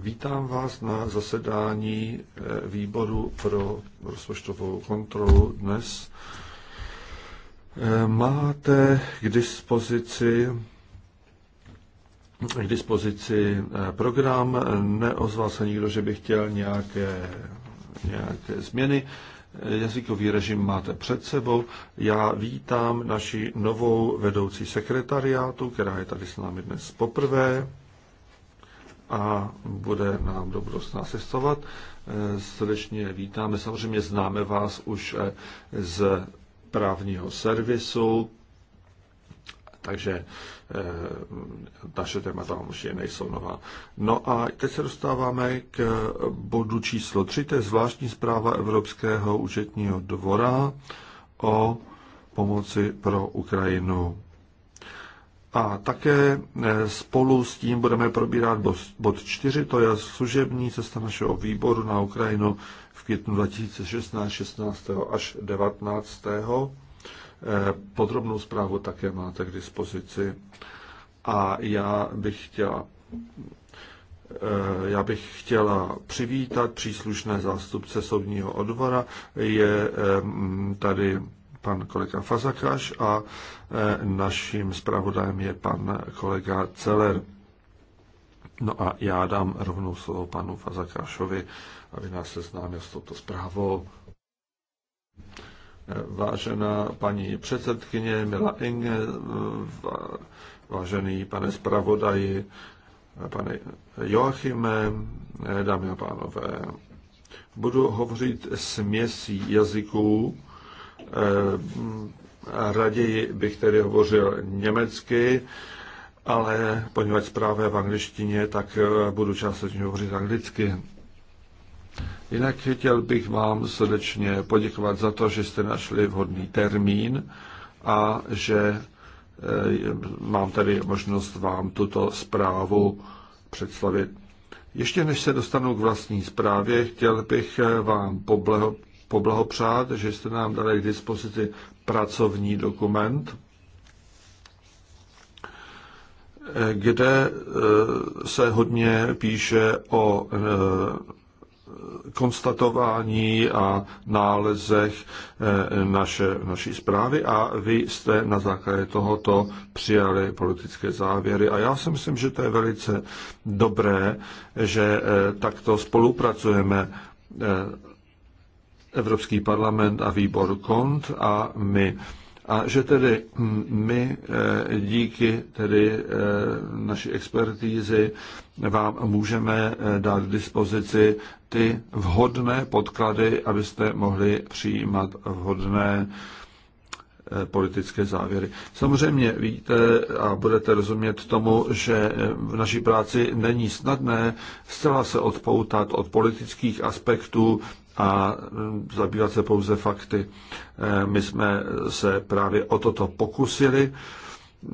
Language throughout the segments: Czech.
Vítám vás na zasedání eh, výboru pro rozpočtovou kontrolu dnes. Eh, máte k dispozici k dispozici eh, program. Neozval se nikdo, že by chtěl nějaké, nějaké změny jazykový režim máte před sebou. Já vítám naši novou vedoucí sekretariátu, která je tady s námi dnes poprvé a bude nám dobrost budoucna eh, Srdečně vítáme, samozřejmě známe vás už eh, z právního servisu, takže eh, naše témata je nejsou nová. No a teď se dostáváme k bodu číslo 3, to je zvláštní zpráva Evropského účetního dvora o pomoci pro Ukrajinu. A také eh, spolu s tím budeme probírat bod 4, to je služební cesta našeho výboru na Ukrajinu v květnu 2016, 16. až 19. Eh, podrobnou zprávu také máte k dispozici. A já bych chtěla eh, já bych chtěla přivítat příslušné zástupce soudního odvora. Je eh, tady pan kolega Fazakaš a naším zpravodajem je pan kolega Celer. No a já dám rovnou slovo panu Fazakášovi, aby nás seznámil s touto zprávou vážená paní předsedkyně Mila Inge, vážený pane zpravodaji, pane Joachime, dámy a pánové. Budu hovořit směsí jazyků, eh, raději bych tedy hovořil německy, ale poněvadž zprávě v angličtině, tak eh, budu částečně hovořit anglicky. Jinak chtěl bych vám srdečně poděkovat za to, že jste našli vhodný termín a že eh, mám tady možnost vám tuto zprávu představit. Ještě než se dostanu k vlastní zprávě, chtěl bych eh, vám pobleho, poblahopřát, že jste nám dali k dispozici pracovní dokument, eh, kde se hodně píše o konstatování a nálezech eh, naše, naší zprávy a vy jste na základě tohoto přijali politické závěry. A já si myslím, že to je velice dobré, že eh, takto spolupracujeme eh, Evropský parlament a výbor KONT a my. A že tedy my eh, díky tedy eh, naší expertízy vám můžeme eh, dát k dispozici ty vhodné podklady, abyste mohli přijímat vhodné politické závěry. Samozřejmě víte a budete rozumět tomu, že v naší práci není snadné zcela se odpoutat od politických aspektů a e, zabývat se pouze fakty. E, my jsme se právě o toto pokusili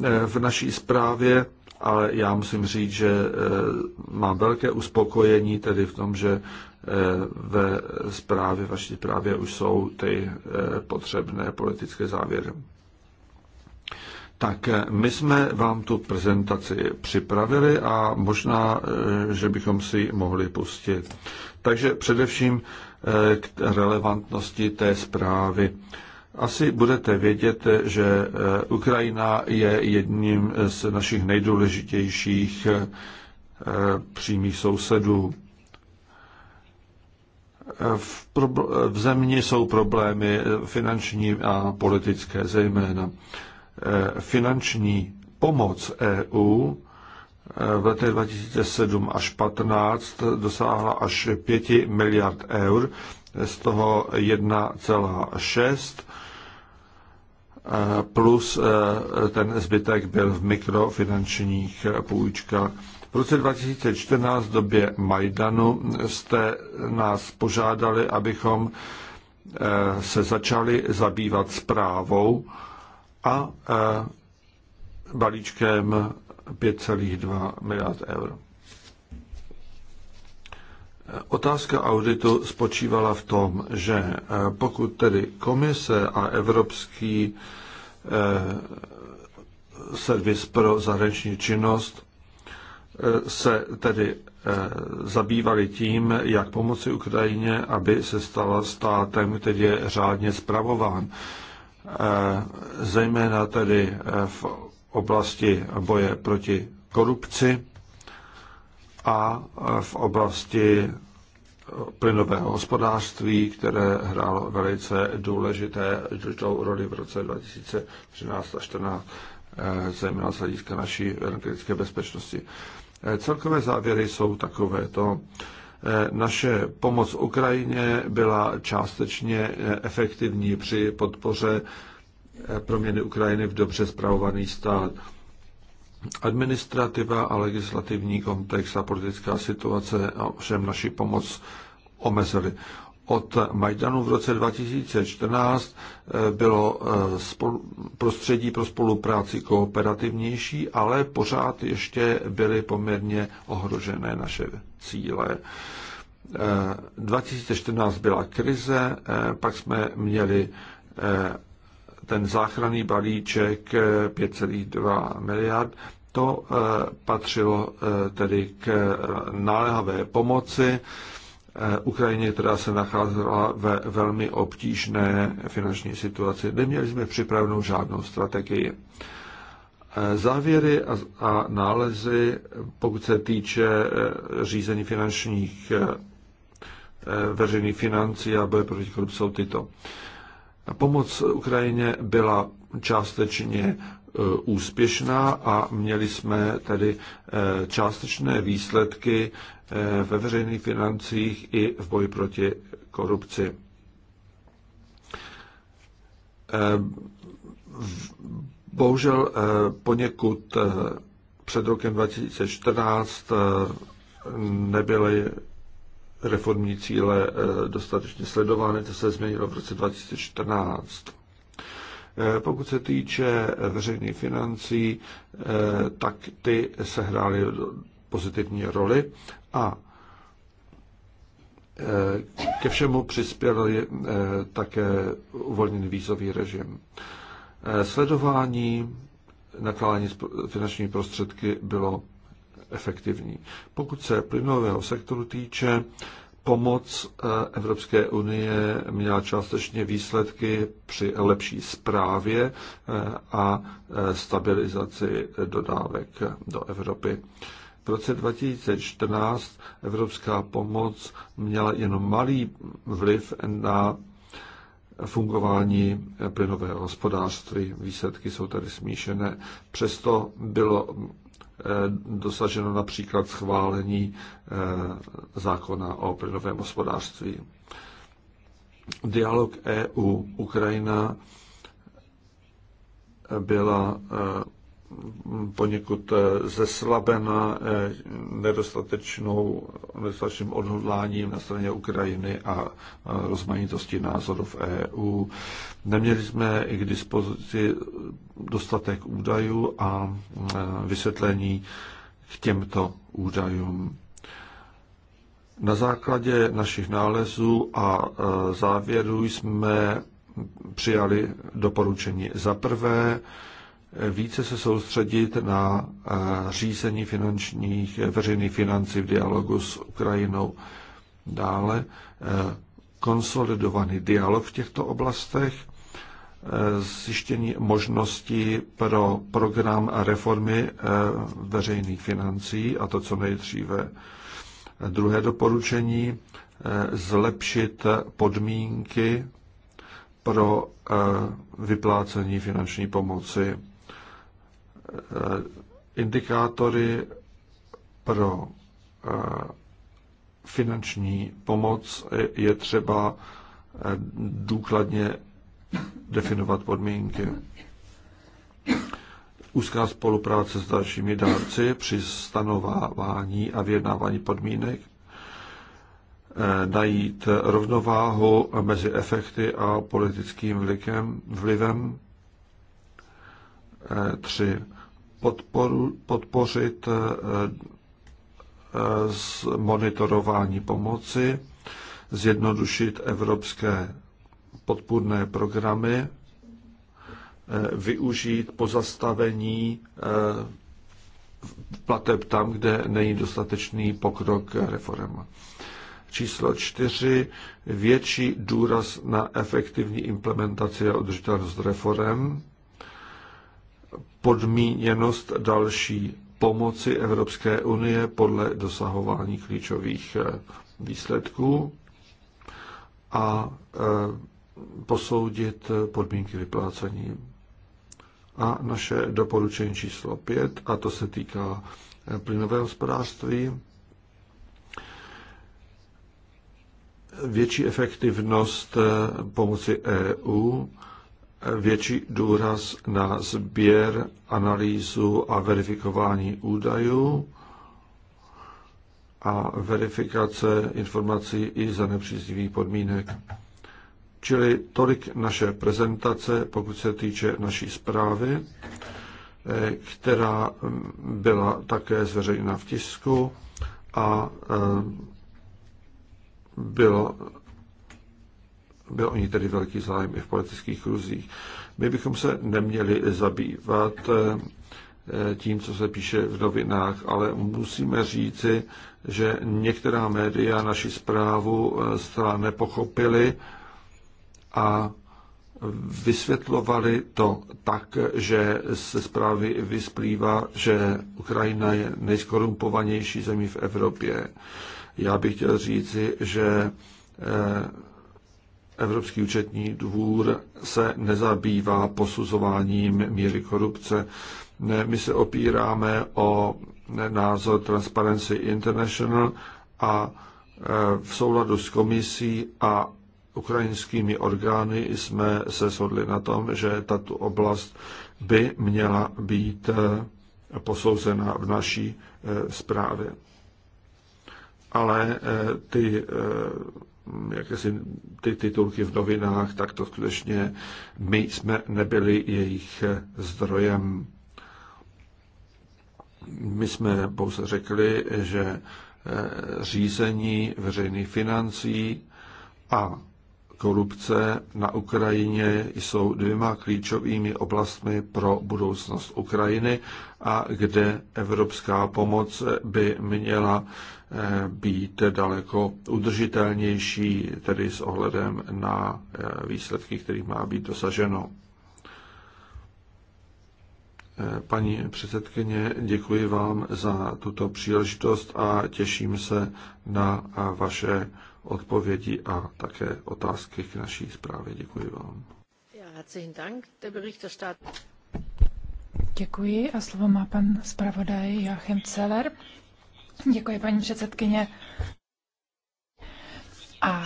e, v naší zprávě, ale já musím říct, že mám velké uspokojení tedy v tom, že ve zprávě, vaší zprávě už jsou ty potřebné politické závěry. Tak my jsme vám tu prezentaci připravili a možná, že bychom si ji mohli pustit. Takže především Eh, k relevantnosti té zprávy. Asi budete vědět, že eh, Ukrajina je jedním z našich nejdůležitějších eh, přímých sousedů. V, v zemi jsou problémy finanční a politické zejména. Finanční pomoc EU v letech 2007 až 2015 dosáhla až 5 miliard eur, z toho 1,6 eh, plus eh, ten zbytek byl v mikrofinančních půjčkách. V roce 2014 v době Majdanu jste nás požádali, abychom eh, se začali zabývat zprávou a balíčkem 5,2 miliard eur. Otázka auditu spočívala v tom, že eh, pokud tedy komise a Evropský eh, servis pro zahraniční činnost eh, se tedy zabývali tím, jak pomoci Ukrajině, aby se stala státem, který je řádně zpravován. Zejména tedy v oblasti boje proti korupci a v oblasti plynového hospodářství, které hrálo velice důležité, důležitou roli v roce 2013 a 2014, eh, zejména z hlediska naší energetické bezpečnosti. Eh, celkové závěry jsou takovéto. Eh, naše pomoc Ukrajině byla částečně efektivní při podpoře Eh, proměny Ukrajiny v dobře zpravovaný stát. Administrativa a legislativní kontext, a politická situace a všem naši pomoc omezily. Od Majdanu v roce 2014 eh, bylo eh, prostředí pro spolupráci kooperativnější, ale pořád ještě byly poměrně ohrožené naše cíle. 2014 byla krize, pak jsme měli ten záchranný balíček 5,2 eh, miliard, to eh, patřilo eh, tedy k náhavé pomoci Ukrajině, která se nacházela ve velmi obtížné finanční situaci. Neměli jsme připravenou žádnou strategii. Závěry a nálezy, pokud se týče řízení finančních veřejných financí a boje proti korupci, jsou tyto. Pomoc Ukrajině byla částečně e, úspěšná a měli jsme tedy e, částečné výsledky e, ve veřejných financích i v boji proti korupci. Bohužel poněkud před rokem 2014 nebyly reformní cíle eh, dostatečně sledovány, to se změnilo v roce 2014. Eh, pokud se týče eh, veřejných financí, tak ty sehrály pozitivní roli a ke všemu přispěl také uvolněný výzový režim. Sledování nakládání finančních prostředky bylo efektivní. Pokud se plynového sektoru týče, pomoc eh, Evropské unie měla částečně výsledky při lepší správě eh, a eh, stabilizaci dodávek do Evropy. V roce 2014 evropská pomoc měla jen malý vliv na fungování plynového hospodářství. Výsledky jsou tady smíšené. Přesto bylo Eh, dosaženo například schválení eh, zákona o plynovém hospodářství. Dialog EU-Ukrajina eh, byla poněkud eh, zeslabena eh, nedostatečnou, nedostatečným odhodláním na straně Ukrajiny a eh, rozmanitosti názorů v EU. Neměli jsme i k dispozici dostatek údajů a vysvětlení k těmto údajům. Na základě našich nálezů a závěrů jsme přijali doporučení. Za prvé, více se soustředit na eh, řízení finančních, eh, veřejných financí v dialogu s Ukrajinou. Dále eh, konsolidovaný dialog v těchto oblastech, zjištění možností pro program a reformy veřejných financí a to, co nejdříve. Druhé doporučení, zlepšit podmínky pro vyplácení finanční pomoci Eh, indikátory pro eh, finanční pomoc je třeba eh, důkladně definovat podmínky. Úzká spolupráce s dalšími dárci při stanovávání a vyjednávání podmínek, najít rovnováhu mezi efekty a politickým vlikem, vlivem tři podporu, podpořit z eh, eh, monitorování pomoci, zjednodušit evropské podpůrné programy, eh, využít pozastavení plateb tam, kde není dostatečný pokrok reforma. Číslo čtyři, větší důraz na efektivní implementaci a udržitelnost reform podmíněnost další pomoci Evropské unie podle dosahování klíčových eh, výsledků a eh, posoudit podmínky vyplácení. A naše doporučení číslo 5, a to se týká eh, plynového hospodářství, větší efektivnost pomoci EU větší důraz na sběr, analýzu a verifikování údajů a verifikace informací i za nepříznivých podmínek. Čili tolik naše prezentace, pokud se týče naší zprávy, která byla také zveřejněna v tisku a e, bylo byl o ní tedy velký zájem i v politických kruzích. My bychom se neměli zabývat eh, tím, co se píše v novinách, ale musíme říci, že některá média naši zprávu eh, zcela nepochopili a vysvětlovali to tak, že se zprávy vysplývá, že Ukrajina je nejskorumpovanější zemí v Evropě. Já bych chtěl říci, že eh, Evropský účetní dvůr se nezabývá posuzováním míry korupce. My se opíráme o názor Transparency International a e, v souladu s komisí a ukrajinskými orgány jsme se shodli na tom, že tato oblast by měla být e, posouzena v naší e, zprávě. Ale ty jakési ty titulky v novinách, tak to skutečně my jsme nebyli jejich zdrojem. My jsme pouze řekli, že eh, řízení veřejných financí a korupce na Ukrajině jsou dvěma klíčovými oblastmi pro budoucnost Ukrajiny a kde evropská pomoc by měla být daleko udržitelnější, tedy s ohledem na eh, výsledky, kterých má být dosaženo. Eh, paní předsedkyně, děkuji vám za tuto příležitost a těším se na eh, vaše odpovědi a také otázky k naší zprávě. Děkuji vám. Děkuji a slovo má pan zpravodaj Joachim Celer. Děkuji, paní předsedkyně. A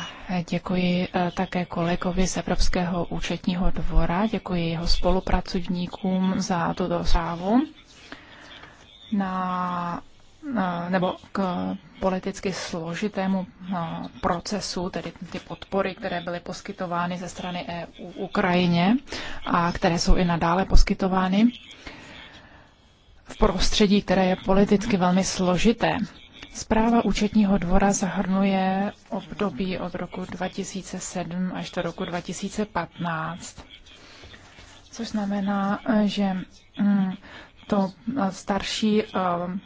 děkuji eh, také kolegovi z Evropského účetního dvora, děkuji jeho spolupracovníkům za tuto zprávu. Na, eh, nebo k politicky složitému eh, procesu, tedy ty podpory, které byly poskytovány ze strany EU Ukrajině a které jsou i nadále poskytovány v prostředí, které je politicky velmi složité. Zpráva účetního dvora zahrnuje období od roku 2007 až do roku 2015, což znamená, že mm, to starší eh,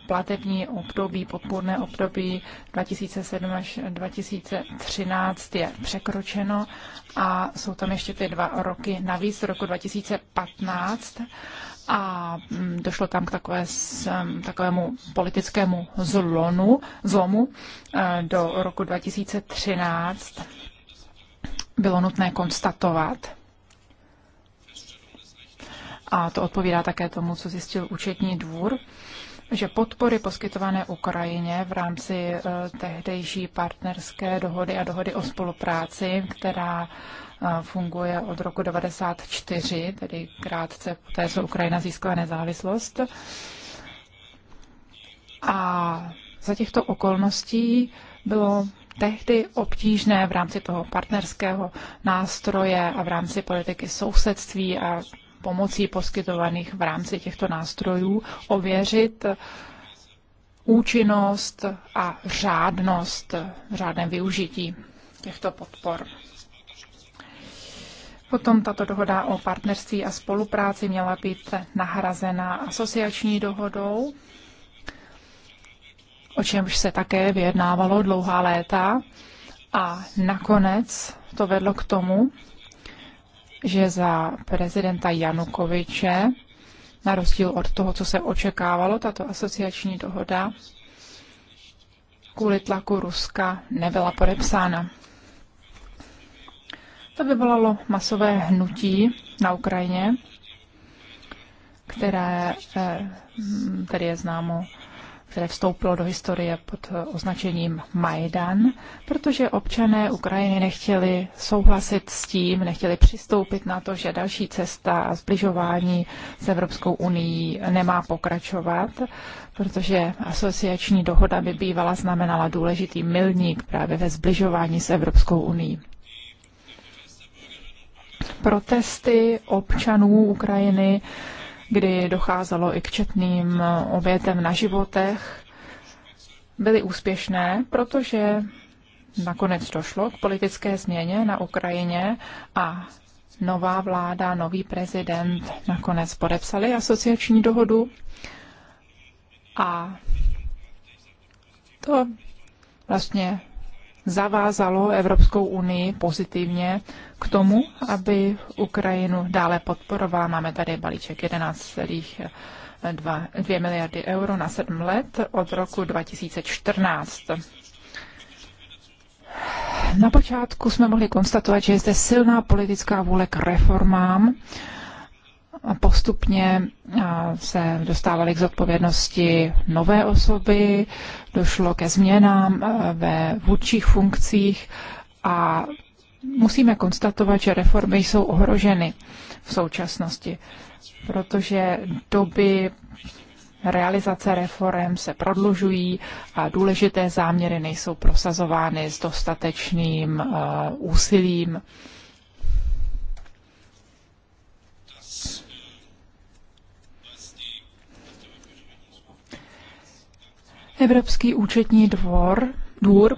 platební období, podpůrné období 2007 až 2013 je překročeno a jsou tam ještě ty dva roky navíc, roku 2015 a mm, došlo tam k takové, mm, takovému politickému zlonu, zlomu e, do roku 2013. Bylo nutné konstatovat, a to odpovídá také tomu, co zjistil účetní dvůr, že podpory poskytované Ukrajině v rámci e, tehdejší partnerské dohody a dohody o spolupráci, která funguje od roku 1994, tedy krátce poté, co Ukrajina získala nezávislost. A za těchto okolností bylo tehdy obtížné v rámci toho partnerského nástroje a v rámci politiky sousedství a pomocí poskytovaných v rámci těchto nástrojů ověřit účinnost a řádnost, řádné využití těchto podpor. Potom tato dohoda o partnerství a spolupráci měla být nahrazena asociační dohodou, o čemž se také vyjednávalo dlouhá léta. A nakonec to vedlo k tomu, že za prezidenta Janukoviče, na rozdíl od toho, co se očekávalo, tato asociační dohoda kvůli tlaku Ruska nebyla podepsána. To vyvolalo masové hnutí na Ukrajině, které eh, tedy je známo, které vstoupilo do historie pod označením Majdan, protože občané Ukrajiny nechtěli souhlasit s tím, nechtěli přistoupit na to, že další cesta a zbližování s Evropskou unii nemá pokračovat, protože asociační dohoda by bývala znamenala důležitý milník právě ve zbližování s Evropskou unii protesty občanů Ukrajiny, kdy docházelo i k četným obětem na životech, byly úspěšné, protože nakonec došlo k politické změně na Ukrajině a nová vláda, nový prezident nakonec podepsali asociační dohodu a to vlastně zavázalo Evropskou unii pozitivně k tomu, aby Ukrajinu dále podporovala. Máme tady balíček 11,2 miliardy euro na 7 let od roku 2014. Na počátku jsme mohli konstatovat, že je zde silná politická vůle k reformám postupně se dostávaly k zodpovědnosti nové osoby, došlo ke změnám ve vůdčích funkcích a musíme konstatovat, že reformy jsou ohroženy v současnosti, protože doby realizace reform se prodlužují a důležité záměry nejsou prosazovány s dostatečným úsilím. Evropský účetní dvor, DŮR,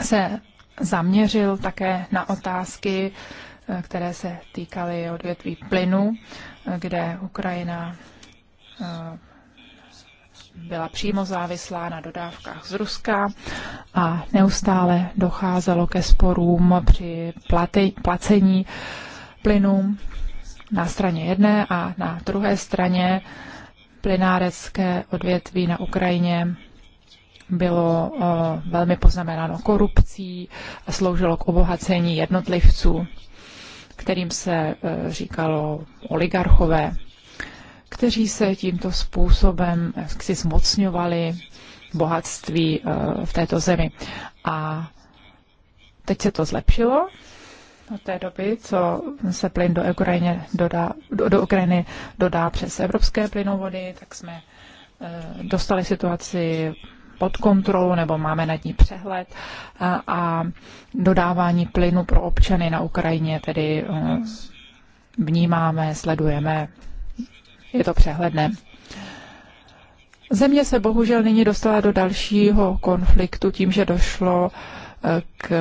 se zaměřil také na otázky, eh, které se týkaly odvětví plynu, eh, kde Ukrajina eh, byla přímo závislá na dodávkách z Ruska a neustále docházelo ke sporům při platy, placení plynu na straně jedné a na druhé straně plynárecké odvětví na Ukrajině bylo velmi poznamenáno korupcí a sloužilo k obohacení jednotlivců, kterým se e, říkalo oligarchové, kteří se tímto způsobem si zmocňovali bohatství e, v této zemi. A teď se to zlepšilo od té doby, co se plyn do, Ukrajiny dodá, do, do Ukrajiny dodá přes evropské plynovody, tak jsme eh, dostali situaci pod kontrolu nebo máme nad ní přehled a, a dodávání plynu pro občany na Ukrajině tedy eh, vnímáme, sledujeme, je to přehledné. Země se bohužel nyní dostala do dalšího konfliktu tím, že došlo k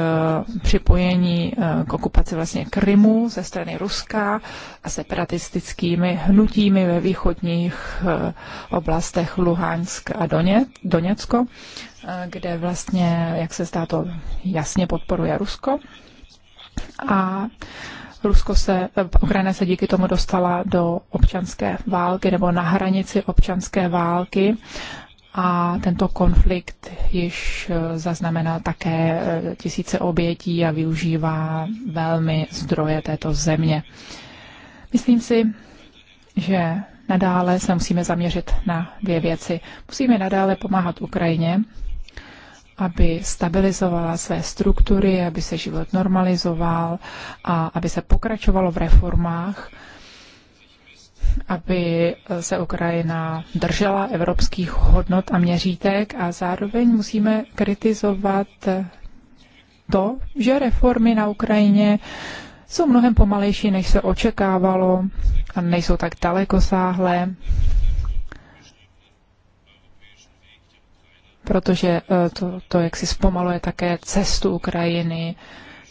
připojení eh, k okupaci vlastně Krymu ze strany Ruska a separatistickými hnutími ve východních eh, oblastech Luhansk a Doněcko, eh, kde vlastně, jak se zdá, to jasně podporuje Rusko. A Rusko se, Ukrajina se díky tomu dostala do občanské války nebo na hranici občanské války a tento konflikt již eh, zaznamenal také eh, tisíce obětí a využívá velmi zdroje této země. Myslím si, že nadále se musíme zaměřit na dvě věci. Musíme nadále pomáhat Ukrajině, aby stabilizovala své struktury, aby se život normalizoval a aby se pokračovalo v reformách, aby se Ukrajina držela evropských hodnot a měřítek a zároveň musíme kritizovat to, že reformy na Ukrajině jsou mnohem pomalejší, než se očekávalo a nejsou tak dalekosáhlé, protože eh, to, to jak si zpomaluje také cestu Ukrajiny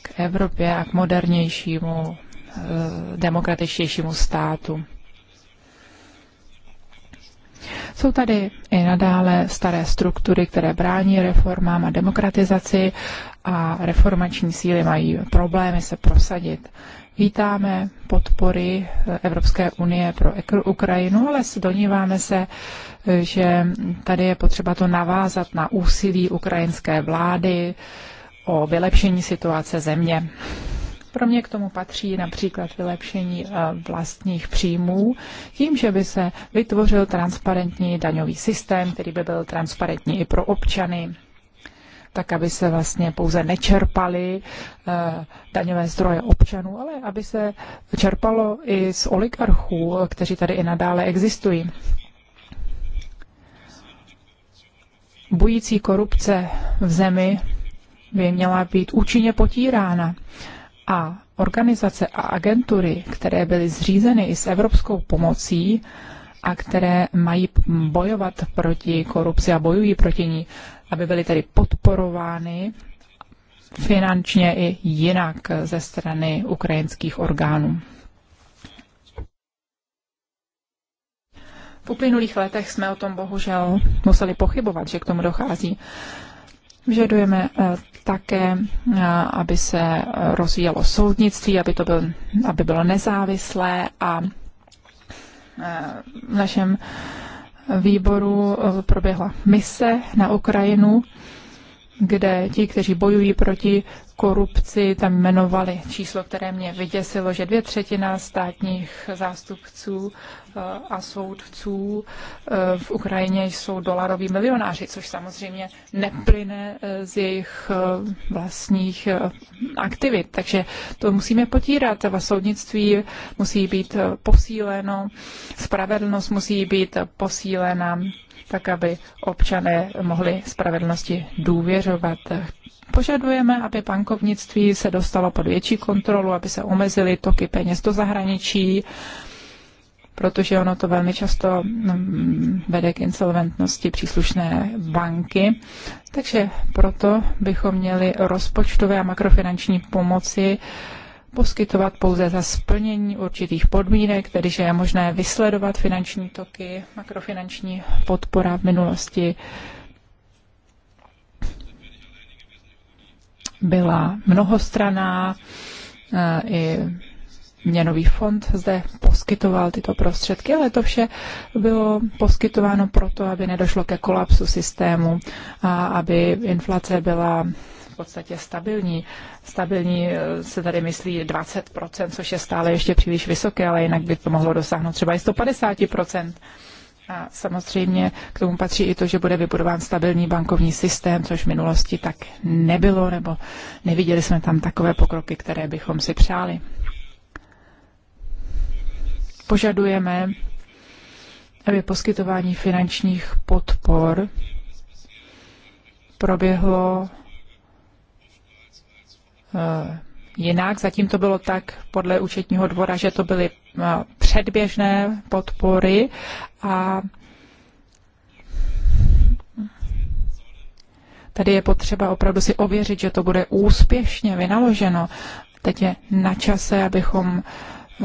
k Evropě a k modernějšímu, eh, demokratičtějšímu státu. Jsou tady i nadále staré struktury, které brání reformám a demokratizaci a reformační síly mají problémy se prosadit. Vítáme podpory Evropské unie pro Ukrajinu, ale doníváme se, že tady je potřeba to navázat na úsilí ukrajinské vlády o vylepšení situace země. Pro mě k tomu patří například vylepšení eh, vlastních příjmů, tím, že by se vytvořil transparentní daňový systém, který by byl transparentní i pro občany, tak aby se vlastně pouze nečerpaly eh, daňové zdroje občanů, ale aby se čerpalo i z oligarchů, kteří tady i nadále existují. Bující korupce v zemi by měla být účinně potírána. A organizace a agentury, které byly zřízeny i s evropskou pomocí a které mají bojovat proti korupci a bojují proti ní, aby byly tedy podporovány finančně i jinak ze strany ukrajinských orgánů. V uplynulých letech jsme o tom bohužel museli pochybovat, že k tomu dochází. Vyžadujeme eh, také, eh, aby se rozvíjelo soudnictví, aby, to byl, aby bylo nezávislé a eh, v našem výboru proběhla mise na Ukrajinu kde ti, kteří bojují proti korupci, tam jmenovali číslo, které mě vyděsilo, že dvě třetina státních zástupců eh, a soudců eh, v Ukrajině jsou dolaroví milionáři, což samozřejmě neplyne eh, z jejich vlastních aktivit. Takže to musíme potírat. V soudnictví musí být posíleno, spravedlnost musí být posílena tak aby občané mohli spravedlnosti důvěřovat. Požadujeme, aby bankovnictví se dostalo pod větší kontrolu, aby se omezily toky peněz do zahraničí, protože ono to velmi často mm, vede k insolventnosti příslušné banky. Takže proto bychom měli rozpočtové a makrofinanční pomoci poskytovat pouze za splnění určitých podmínek, tedy že je možné vysledovat finanční toky, makrofinanční podpora v minulosti byla mnohostraná, eh, i měnový fond zde poskytoval tyto prostředky, ale to vše bylo poskytováno proto, aby nedošlo ke kolapsu systému a aby inflace byla podstatě stabilní. Stabilní eh, se tady myslí 20%, což je stále ještě příliš vysoké, ale jinak by to mohlo dosáhnout třeba i 150%. A samozřejmě k tomu patří i to, že bude vybudován stabilní bankovní systém, což v minulosti tak nebylo, nebo neviděli jsme tam takové pokroky, které bychom si přáli. Požadujeme, aby poskytování finančních podpor proběhlo Eh, jinak. Zatím to bylo tak podle účetního dvora, že to byly eh, předběžné podpory a tady je potřeba opravdu si ověřit, že to bude úspěšně vynaloženo. Teď je na čase, abychom eh,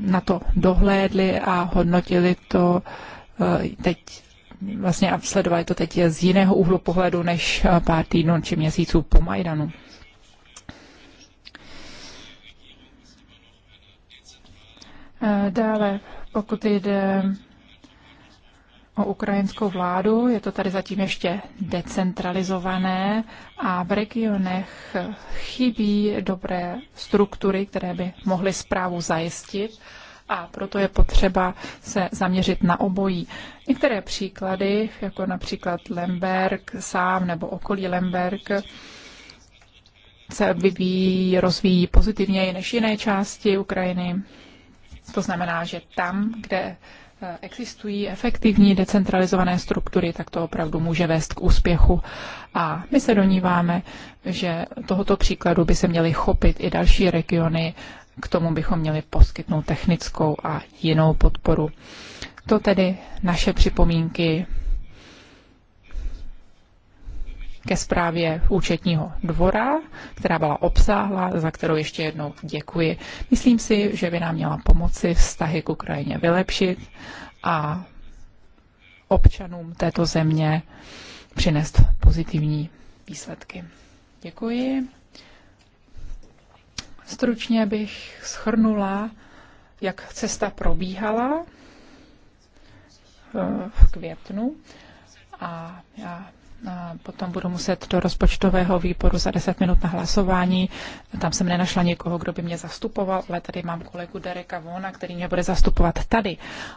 na to dohlédli a hodnotili to teď vlastně a sledovali to teď z jiného úhlu pohledu než pár týdnů či měsíců po Majdanu. Eh, dále, pokud jde o ukrajinskou vládu, je to tady zatím ještě decentralizované a v regionech chybí dobré struktury, které by mohly zprávu zajistit a proto je potřeba se zaměřit na obojí. Některé příklady, jako například Lemberg sám nebo okolí Lemberg, se vyvíjí, rozvíjí pozitivněji než jiné části Ukrajiny. To znamená, že tam, kde eh, existují efektivní decentralizované struktury, tak to opravdu může vést k úspěchu. A my se doníváme, že tohoto příkladu by se měly chopit i další regiony. K tomu bychom měli poskytnout technickou a jinou podporu. To tedy naše připomínky ke zprávě účetního dvora, která byla obsáhla, za kterou ještě jednou děkuji. Myslím si, že by nám měla pomoci vztahy k Ukrajině vylepšit a občanům této země přinést pozitivní výsledky. Děkuji. Stručně bych schrnula, jak cesta probíhala eh, v květnu a já potom budu muset do rozpočtového výboru za 10 minut na hlasování. Tam jsem nenašla někoho, kdo by mě zastupoval, ale tady mám kolegu Dereka Vona, který mě bude zastupovat tady.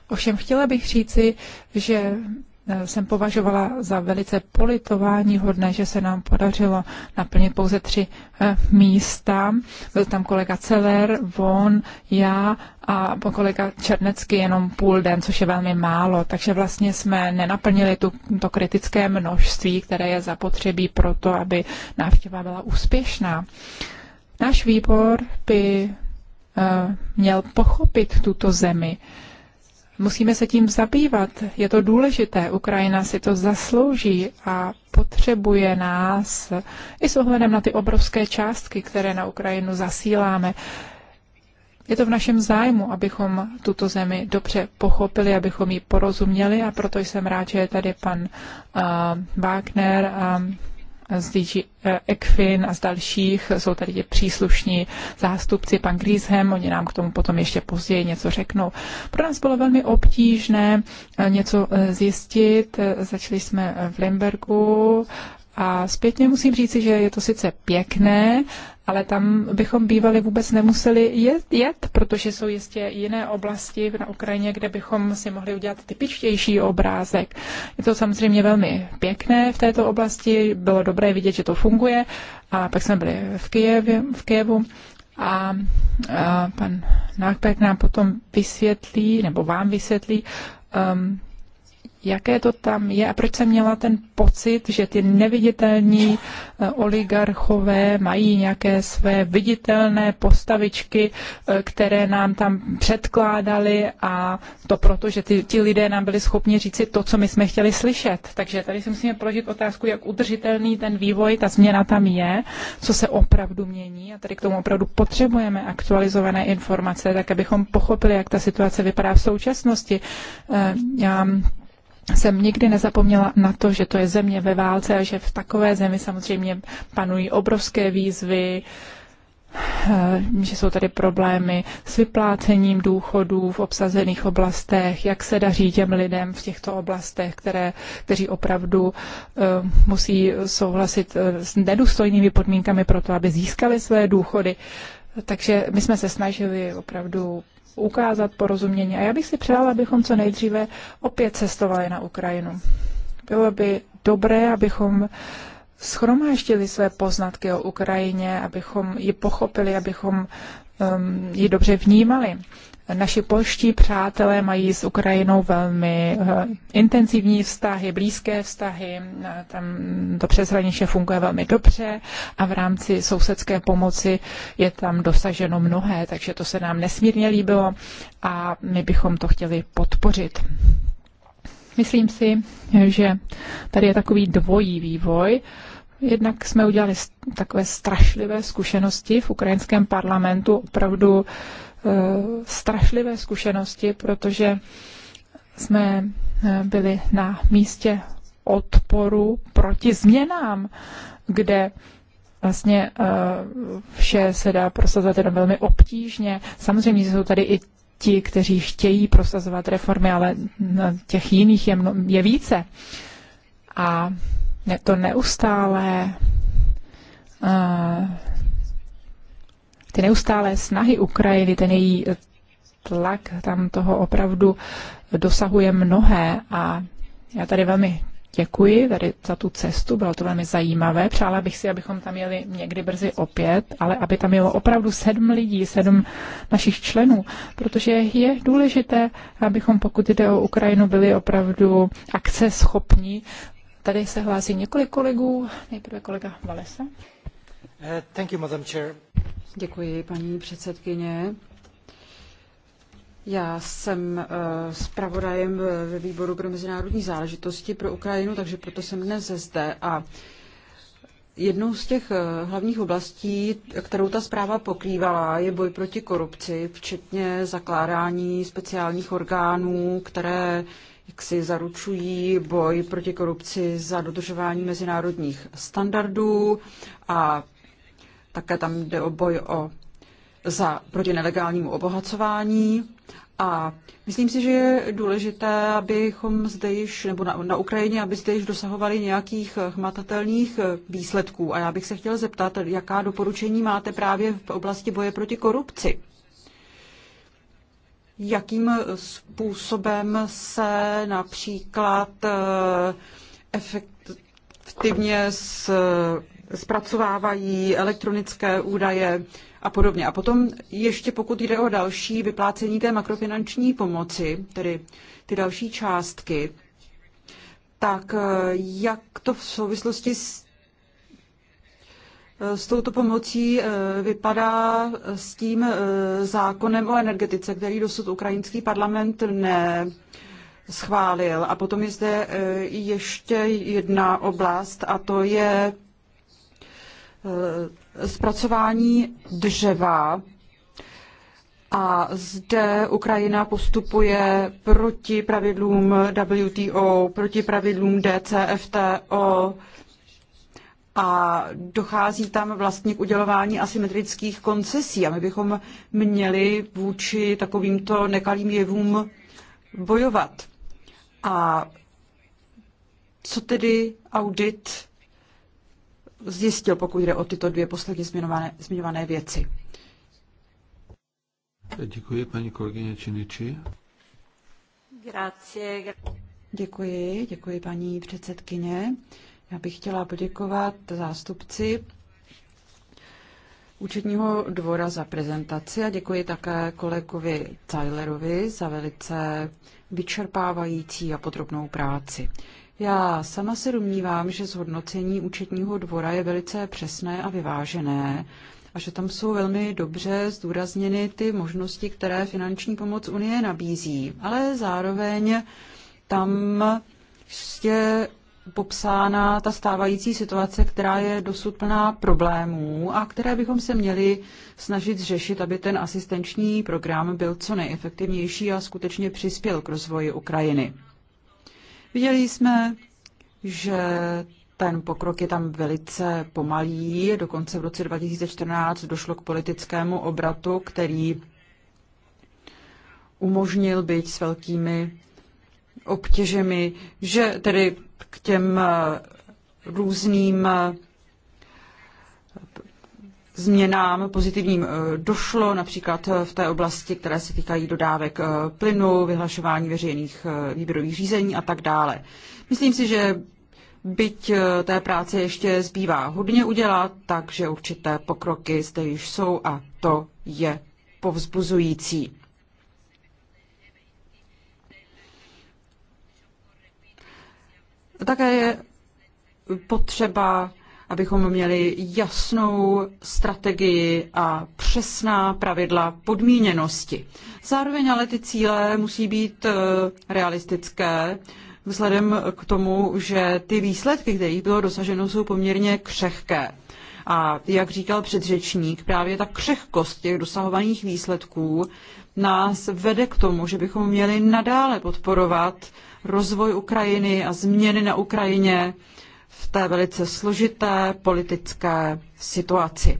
Ovšem chtěla bych říci, že Eh, jsem považovala za velice politování hodné, že se nám podařilo naplnit pouze tři eh, místa. Byl tam kolega Celer, Von, já a kolega Černecky jenom půl den, což je velmi málo. Takže vlastně jsme nenaplnili tu, to kritické množství, které je zapotřebí pro to, aby návštěva byla úspěšná. Náš výbor by eh, měl pochopit tuto zemi. Musíme se tím zabývat. Je to důležité. Ukrajina si to zaslouží a potřebuje nás i s ohledem na ty obrovské částky, které na Ukrajinu zasíláme. Je to v našem zájmu, abychom tuto zemi dobře pochopili, abychom ji porozuměli a proto jsem rád, že je tady pan uh, Wagner a eh, z DG ECFIN eh, a z dalších, jsou tady příslušní zástupci, pan Grisham, oni nám k tomu potom ještě později něco řeknou. Pro nás bylo velmi obtížné eh, něco eh, zjistit, začali jsme v Limbergu a zpětně musím říci, že je to sice pěkné, ale tam bychom bývali vůbec nemuseli jet, jet, protože jsou jistě jiné oblasti na Ukrajině, kde bychom si mohli udělat typičtější obrázek. Je to samozřejmě velmi pěkné v této oblasti, bylo dobré vidět, že to funguje. A pak jsme byli v, Kijevě, v Kijevu a, a pan Nákpek nám potom vysvětlí, nebo vám vysvětlí, um, jaké to tam je a proč jsem měla ten pocit, že ty neviditelní eh, oligarchové mají nějaké své viditelné postavičky, eh, které nám tam předkládali a to proto, že ty, ti lidé nám byli schopni říci to, co my jsme chtěli slyšet. Takže tady si musíme položit otázku, jak udržitelný ten vývoj, ta změna tam je, co se opravdu mění a tady k tomu opravdu potřebujeme aktualizované informace, tak abychom pochopili, jak ta situace vypadá v současnosti. Eh, já jsem nikdy nezapomněla na to, že to je země ve válce a že v takové zemi samozřejmě panují obrovské výzvy, eh, že jsou tady problémy s vyplácením důchodů v obsazených oblastech, jak se daří těm lidem v těchto oblastech, které, kteří opravdu uh, musí souhlasit eh, s nedůstojnými podmínkami pro to, aby získali své důchody. Takže my jsme se snažili opravdu ukázat porozumění. A já bych si přála, abychom co nejdříve opět cestovali na Ukrajinu. Bylo by dobré, abychom schromáždili své poznatky o Ukrajině, abychom ji pochopili, abychom um, ji dobře vnímali. Naši polští přátelé mají s Ukrajinou velmi uh, intenzivní vztahy, blízké vztahy, tam to přeshraniče funguje velmi dobře a v rámci sousedské pomoci je tam dosaženo mnohé, takže to se nám nesmírně líbilo a my bychom to chtěli podpořit. Myslím si, že tady je takový dvojí vývoj. Jednak jsme udělali takové strašlivé zkušenosti v ukrajinském parlamentu, opravdu e, strašlivé zkušenosti, protože jsme eh, byli na místě odporu proti změnám, kde vlastně eh, vše se dá prosazovat jenom velmi obtížně. Samozřejmě jsou tady i ti, kteří chtějí prosazovat reformy, ale těch jiných je, mno, je více. A to neustále ty neustálé snahy Ukrajiny, ten její tlak tam toho opravdu dosahuje mnohé a já tady velmi Děkuji tady za tu cestu, bylo to velmi zajímavé. Přála bych si, abychom tam jeli někdy brzy opět, ale aby tam jelo opravdu sedm lidí, sedm našich členů, protože je důležité, abychom, pokud jde o Ukrajinu, byli opravdu akceschopní. Tady se hlásí několik kolegů, nejprve kolega Valesa. Eh, thank you, Madam Chair. Děkuji, paní předsedkyně. Já jsem eh, zpravodajem ve výboru pro mezinárodní záležitosti pro Ukrajinu, takže proto jsem dnes zde. A jednou z těch eh, hlavních oblastí, kterou ta zpráva pokrývala, je boj proti korupci, včetně zakládání speciálních orgánů, které jak si zaručují boj proti korupci za dodržování mezinárodních standardů a také tam jde o boj o za, proti nelegálnímu obohacování. A myslím si, že je důležité, abychom zde již, nebo na, na Ukrajině, aby zde již dosahovali nějakých eh, hmatatelných eh, výsledků. A já bych se chtěl zeptat, jaká doporučení máte právě v oblasti boje proti korupci? Jakým eh, způsobem se například efektivně zpracovávají elektronické údaje a podobně. A potom ještě pokud jde o další vyplácení té makrofinanční pomoci, tedy ty další částky, tak eh, jak to v souvislosti s, eh, s touto pomocí eh, vypadá s tím zákonem o energetice, který dosud ukrajinský parlament ne schválil. A potom je zde ještě jedna oblast a to je Eh, zpracování dřeva a zde Ukrajina postupuje proti pravidlům WTO, proti pravidlům DCFTO a dochází tam vlastně k udělování asymetrických koncesí a my bychom měli vůči takovýmto nekalým jevům bojovat. A co tedy audit zjistil, pokud jde o tyto dvě poslední zmiňované, zmiňované věci. Děkuji, paní kolegyně Činiči. Grazie. Děkuji, děkuji paní předsedkyně. Já bych chtěla poděkovat zástupci účetního dvora za prezentaci a děkuji také kolegovi Tylerovi za velice vyčerpávající a podrobnou práci. Já sama se domnívám, že zhodnocení účetního dvora je velice přesné a vyvážené a že tam jsou velmi dobře zdůrazněny ty možnosti, které finanční pomoc Unie nabízí. Ale zároveň tam je popsána ta stávající situace, která je dosud plná problémů a které bychom se měli snažit řešit, aby ten asistenční program byl co nejefektivnější a skutečně přispěl k rozvoji Ukrajiny. Viděli jsme, že ten pokrok je tam velice pomalý. Dokonce v roce 2014 došlo k politickému obratu, který umožnil být s velkými obtěžemi, že tedy k těm eh, různým eh, změnám pozitivním eh, došlo, například eh, v té oblasti, které se týkají dodávek eh, plynu, vyhlašování veřejných výběrových řízení a tak dále. Myslím si, že byť té práce ještě zbývá hodně udělat, takže určité pokroky zde již jsou a to je povzbuzující. Také je potřeba abychom měli jasnou strategii a přesná pravidla podmíněnosti. Zároveň ale ty cíle musí být eh, realistické, vzhledem k tomu, že ty výsledky, kterých bylo dosaženo, jsou poměrně křehké. A jak říkal předřečník, právě ta křehkost těch dosahovaných výsledků nás vede k tomu, že bychom měli nadále podporovat rozvoj Ukrajiny a změny na Ukrajině, v té velice složité politické situaci.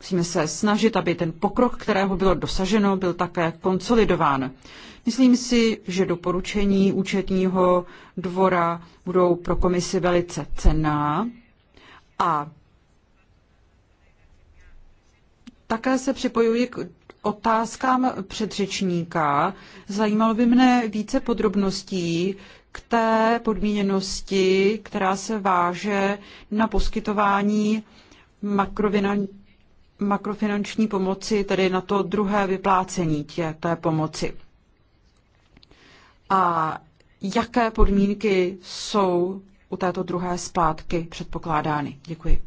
Musíme se snažit, aby ten pokrok, kterého bylo dosaženo, byl také konsolidován. Myslím si, že doporučení účetního dvora budou pro komisi velice cenná a také se připojuji k otázkám předřečníka. Zajímalo by mne více podrobností, k té podmíněnosti, která se váže na poskytování makrofinanční pomoci, tedy na to druhé vyplácení tě, té pomoci. A jaké podmínky jsou u této druhé splátky předpokládány? Děkuji.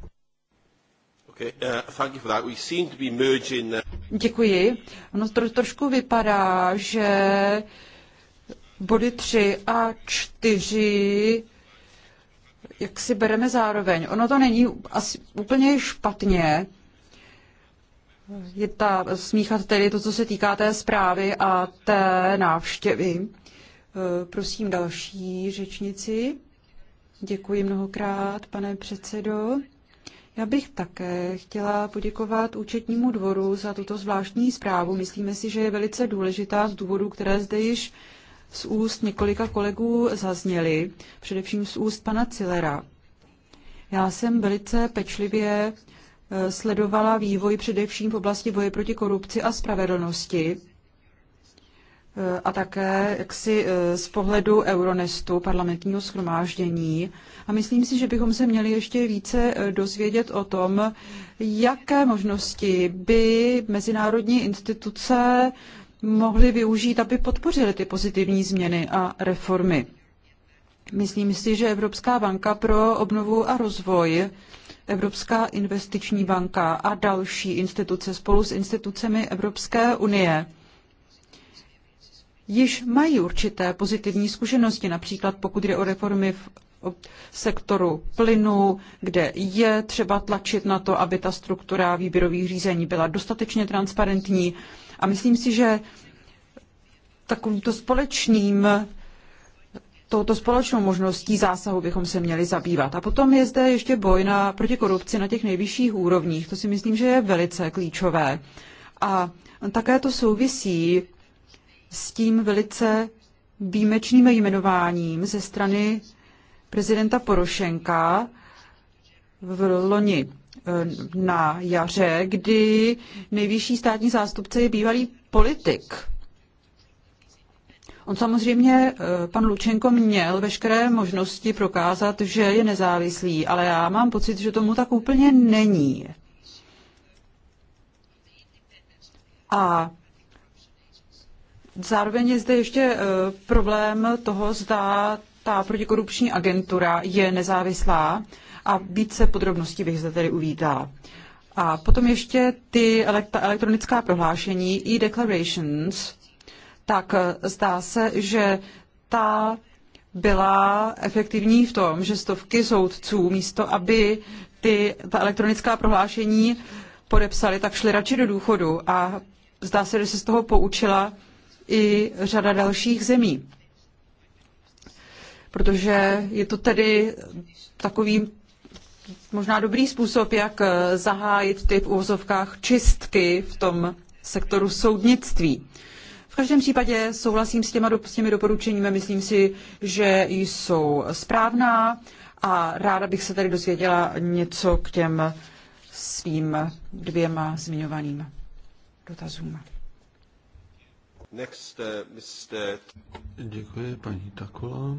Děkuji. Ono to trošku vypadá, že body 3 a 4 jak si bereme zároveň. Ono to není asi úplně špatně, je ta, smíchat tedy to, co se týká té zprávy a té návštěvy. E, prosím další řečnici. Děkuji mnohokrát, pane předsedo. Já bych také chtěla poděkovat účetnímu dvoru za tuto zvláštní zprávu. Myslíme si, že je velice důležitá z důvodu, které zde již z úst několika kolegů zazněly, především z úst pana Cilera. Já jsem velice pečlivě e, sledovala vývoj především v oblasti boje proti korupci a spravedlnosti e, a také jaksi e, z pohledu Euronestu, parlamentního schromáždění. A myslím si, že bychom se měli ještě více dozvědět o tom, jaké možnosti by mezinárodní instituce mohli využít, aby podpořili ty pozitivní změny a reformy. Myslím si, že Evropská banka pro obnovu a rozvoj, Evropská investiční banka a další instituce spolu s institucemi Evropské unie již mají určité pozitivní zkušenosti, například pokud jde o reformy v sektoru plynu, kde je třeba tlačit na to, aby ta struktura výběrových řízení byla dostatečně transparentní a myslím si, že takovýmto společným touto společnou možností zásahu bychom se měli zabývat. A potom je zde ještě boj na, proti korupci na těch nejvyšších úrovních. To si myslím, že je velice klíčové. A také to souvisí s tím velice výjimečným jmenováním ze strany prezidenta Porošenka v loni na jaře, kdy nejvyšší státní zástupce je bývalý politik. On samozřejmě, eh, pan Lučenko, měl veškeré možnosti prokázat, že je nezávislý, ale já mám pocit, že tomu tak úplně není. A zároveň je zde ještě eh, problém toho, zda ta protikorupční agentura je nezávislá a více podrobností bych zde tedy uvítala. A potom ještě ty elektronická prohlášení, e-declarations, tak zdá se, že ta byla efektivní v tom, že stovky soudců místo, aby ty, ta elektronická prohlášení podepsali, tak šli radši do důchodu a zdá se, že se z toho poučila i řada dalších zemí. Protože je to tedy takový možná dobrý způsob, jak eh, zahájit ty v úvozovkách čistky v tom sektoru soudnictví. V každém případě souhlasím s, těma, s těmi doporučeními, myslím si, že jsou správná a ráda bych se tady dozvěděla něco k těm svým dvěma zmiňovaným dotazům. Next, uh, Děkuji, paní Takula.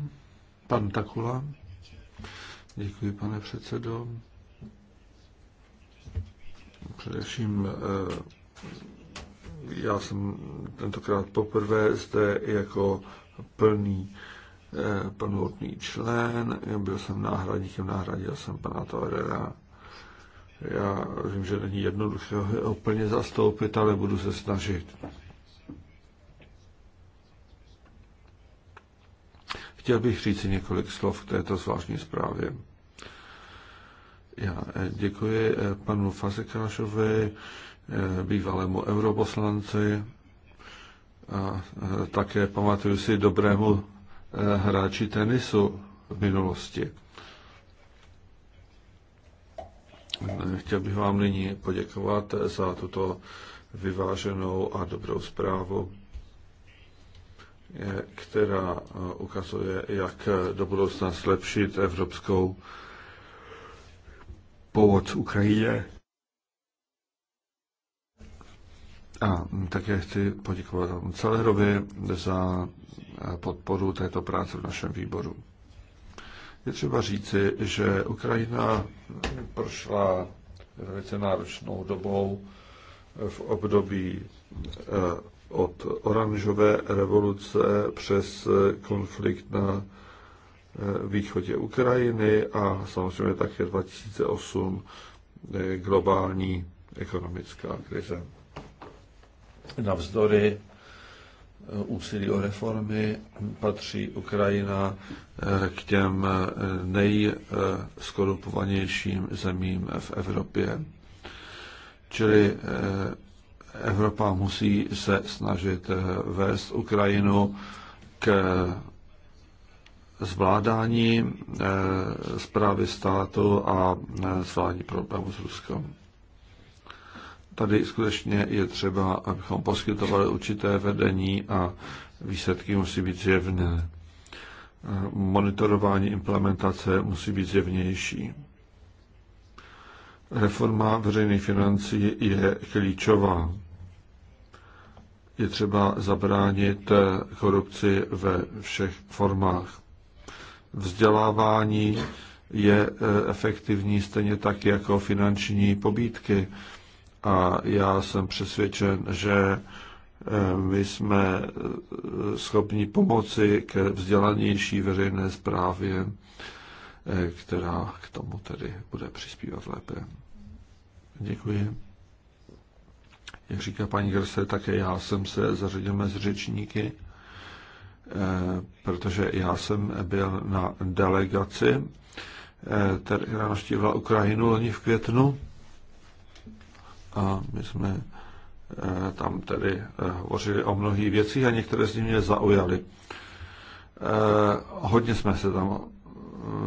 Pan Takula. Děkuji, pane předsedo. Především eh, já jsem tentokrát poprvé zde jako plný eh, plnohodný člen, byl jsem náhradníkem, náhradil jsem pana Torera. Já vím, že není jednoduché ho plně zastoupit, ale budu se snažit. Chtěl bych říct několik slov k této zvláštní zprávě. Já eh, děkuji eh, panu Fazekášovi, eh, bývalému europoslanci a také pamatuju si dobrému hráči tenisu v minulosti. Chtěl bych vám nyní poděkovat za tuto vyváženou a dobrou zprávu, která ukazuje, jak do budoucna zlepšit evropskou pomoc Ukrajině. A také chci poděkovat Celerovi za podporu této práce v našem výboru. Je třeba říci, že Ukrajina prošla velice náročnou dobou v období eh, od oranžové revoluce přes konflikt na Eh, východě Ukrajiny a samozřejmě také 2008 eh, globální ekonomická krize. Navzdory eh, úsilí o reformy patří Ukrajina k těm nejskorupovanějším zemím v Evropě. Čili Evropa musí se snažit vést Ukrajinu k zvládání eh, zprávy státu a eh, zvládání problémů s Ruskem. Tady skutečně je třeba, abychom poskytovali určité vedení a výsledky musí být zjevné. Eh, monitorování implementace musí být zjevnější. Reforma veřejných financí je klíčová je třeba zabránit korupci ve všech formách vzdělávání je e, efektivní stejně tak jako finanční pobídky. A já jsem přesvědčen, že e, my jsme e, schopni pomoci k vzdělanější veřejné zprávě, která k tomu tedy bude přispívat lépe. Děkuji. Jak říká paní Grse, také já jsem se zařadil mezi řečníky. Eh, protože já jsem byl na delegaci, eh, která navštívila Ukrajinu loni v květnu a my jsme eh, tam tedy hovořili o mnohých věcích a některé z nich mě zaujaly. Hodně jsme se tam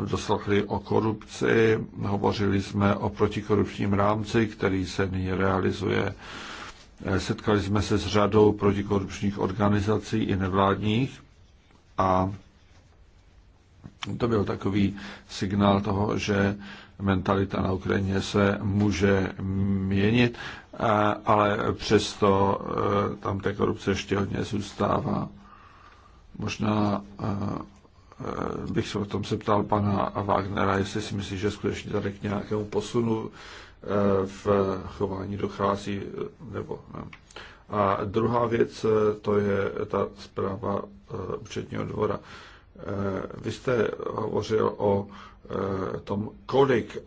doslechli o korupci, hovořili jsme o protikorupčním rámci, který se nyní realizuje. Setkali jsme se s řadou protikorupčních organizací i nevládních a to byl takový signál toho, že mentalita na Ukrajině se může měnit, ale přesto e, tam té korupce ještě hodně zůstává. Možná e, e, bych se o tom septal pana Wagnera, jestli si myslí, že skutečně tady k nějakému posunu v chování dochází, nebo ne. A druhá věc, to je ta zpráva účetního dvora. Vy jste hovořil o tom, kolik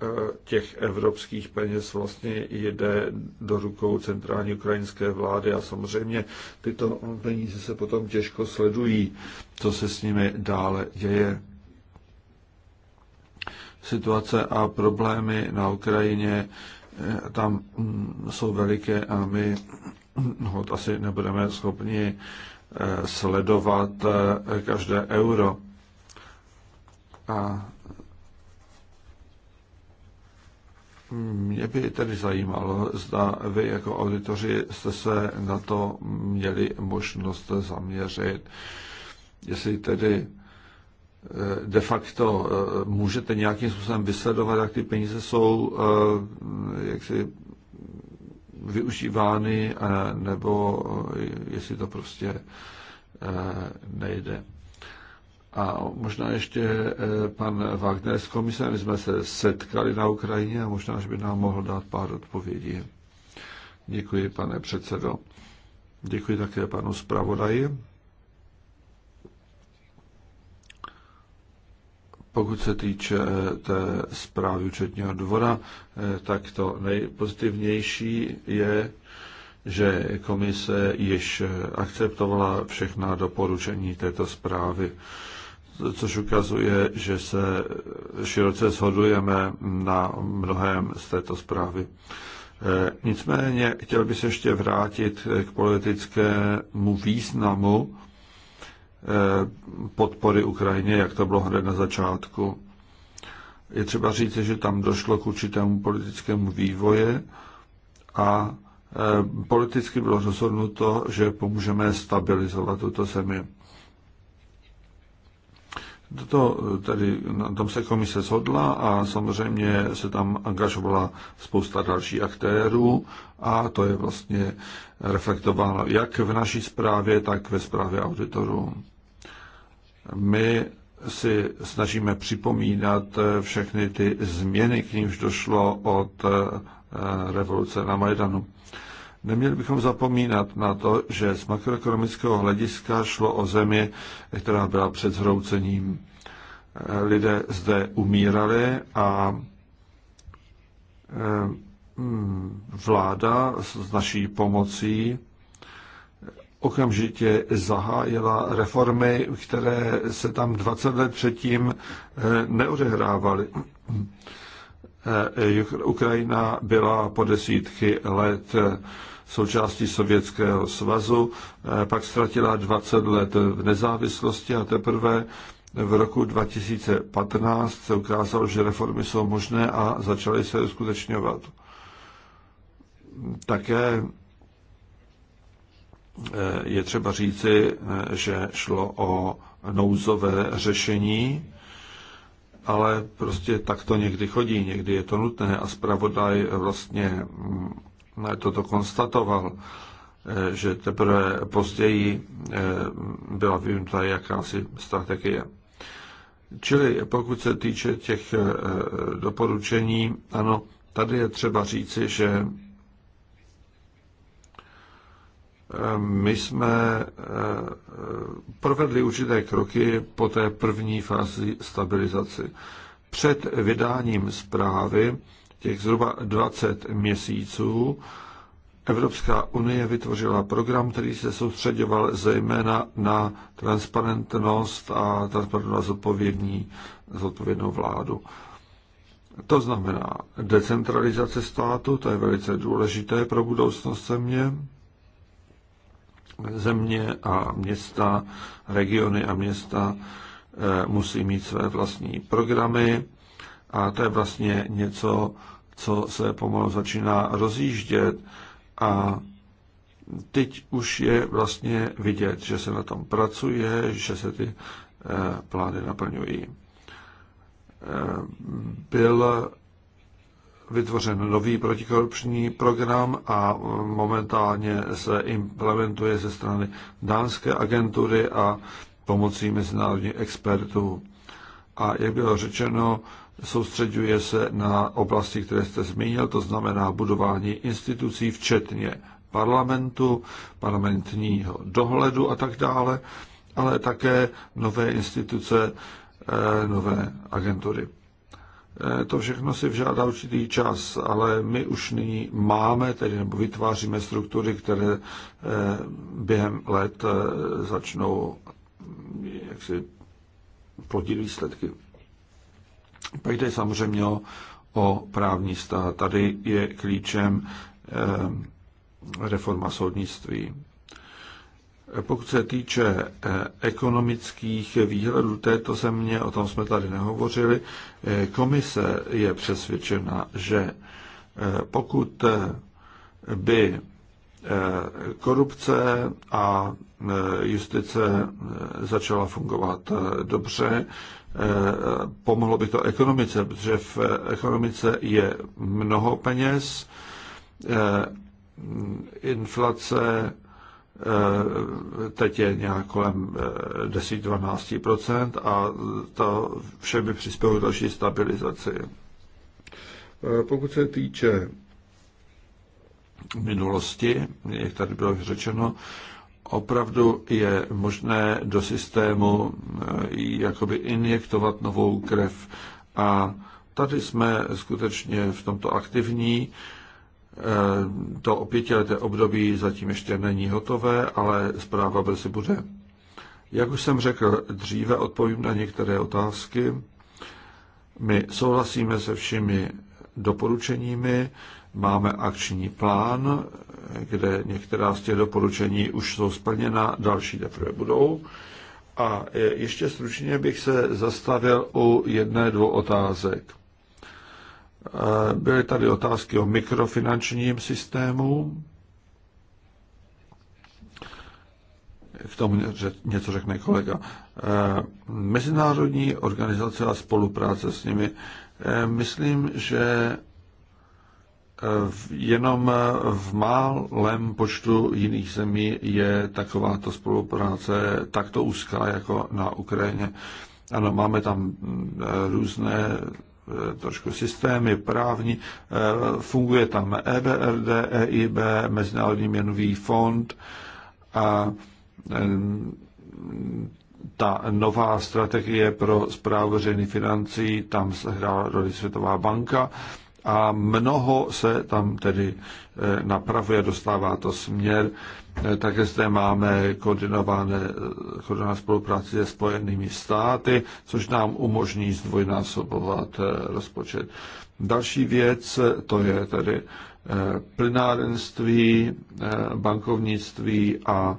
těch evropských peněz vlastně jde do rukou centrální ukrajinské vlády a samozřejmě tyto peníze se potom těžko sledují, co se s nimi dále děje. Situace a problémy na Ukrajině tam jsou veliké a my ho asi nebudeme schopni Eh, sledovat eh, každé euro. A mě by tedy zajímalo, zda vy jako auditoři jste se na to měli možnost zaměřit. Jestli tedy eh, de facto můžete nějakým způsobem vysledovat, jak ty peníze jsou jak si využívány, eh, nebo eh, jestli to prostě eh, nejde. A možná ještě pan Wagner s komisem, my jsme se setkali na Ukrajině a možná, že by nám mohl dát pár odpovědí. Děkuji, pane předsedo. Děkuji také panu zpravodaji. Pokud se týče eh, té zprávy účetního dvora, eh, tak to nejpozitivnější je, že komise již eh, akceptovala všechna doporučení této zprávy, což ukazuje, že se široce shodujeme na mnohem z této zprávy. Nicméně chtěl bych se ještě vrátit k politickému významu Eh, podpory Ukrajině, jak to bylo hned na začátku. Je třeba říct, že tam došlo k určitému politickému vývoji a eh, politicky bylo rozhodnuto, že pomůžeme stabilizovat tuto zemi. Toto, tedy, na tom se komise shodla a samozřejmě se tam angažovala spousta dalších aktérů a to je vlastně reflektováno jak v naší zprávě, tak ve zprávě auditorů. My si snažíme připomínat eh, všechny ty změny, k nímž došlo od eh, revoluce na Majdanu. Neměli bychom zapomínat na to, že z makroekonomického hlediska šlo o zemi, která byla před zhroucením. Eh, lidé zde umírali a vláda s naší pomocí okamžitě zahájila reformy, které se tam 20 let předtím eh, neodehrávaly. Eh, Ukrajina byla po desítky let eh, součástí Sovětského svazu, pak ztratila 20 let v nezávislosti a teprve v roku 2015 se ukázalo, že reformy jsou možné a začaly se uskutečňovat. Také Eh, je třeba říci, eh, že šlo o nouzové řešení, ale prostě tak to někdy chodí, někdy je to nutné a zpravodaj vlastně mm, toto konstatoval, eh, že teprve později byla vyvinuta jakási strategie. Čili pokud se týče těch doporučení, ano, tady je třeba říci, že my jsme eh, provedli určité kroky po té první fázi stabilizaci. Před vydáním zprávy těch zhruba 20 měsíců Evropská unie vytvořila program, který se soustředoval zejména na transparentnost a transparentnost odpovědní, zodpovědnou vládu. To znamená decentralizace státu, to je velice důležité pro budoucnost země, země a města, regiony a města eh, musí mít své vlastní programy a to je vlastně něco, co se pomalu začíná rozjíždět a teď už je vlastně vidět, že se na tom pracuje, že se ty eh, plány naplňují. Eh, byl vytvořen nový protikorupční program a momentálně se implementuje ze strany dánské agentury a pomocí mezinárodních expertů. A jak bylo řečeno, soustředuje se na oblasti, které jste zmínil, to znamená budování institucí, včetně parlamentu, parlamentního dohledu a tak dále, ale také nové instituce, eh, nové agentury. Eh, to všechno si vžádá určitý čas, ale my už nyní máme, tedy nebo vytváříme struktury, které eh, během let eh, začnou jaksi plodit výsledky. Pak jde samozřejmě o, o právní stát. Tady je klíčem reforma soudnictví. Pokud se týče eh, ekonomických výhledů této země, o tom jsme tady nehovořili, eh, komise je přesvědčena, že eh, pokud by korupce a justice začala fungovat dobře, pomohlo by to ekonomice, protože v ekonomice je mnoho peněz, inflace Eh, teď je nějak kolem 10-12% eh, a to vše by přispělo k další stabilizaci. Eh, pokud se týče minulosti, jak tady bylo řečeno, opravdu je možné do systému jakoby injektovat novou krev a tady jsme skutečně v tomto aktivní Eh, to pětileté období zatím ještě není hotové, ale zpráva brzy bude. Jak už jsem řekl, dříve odpovím na některé otázky. My souhlasíme se všemi doporučeními, máme akční plán, kde některá z těch doporučení už jsou splněna, další teprve budou. A eh, ještě stručně bych se zastavil u jedné, dvou otázek. Byly tady otázky o mikrofinančním systému. K tomu něco řekne kolega. E, Mezinárodní organizace a spolupráce s nimi. E, myslím, že e, jenom v málem počtu jiných zemí je takováto spolupráce takto úzká jako na Ukrajině. Ano, máme tam různé E, trošku systémy právní. E, funguje tam EBRD, EIB, Mezinárodní měnový fond a e, ta nová strategie pro zprávu veřejných financí, tam se hrála roli Světová banka a mnoho se tam tedy eh, napravuje, dostává to směr. Eh, také zde máme koordinované, eh, koordinované spolupráci se Spojenými státy, což nám umožní zdvojnásobovat rozpočet. Další věc, to je tedy plynárenství, bankovnictví a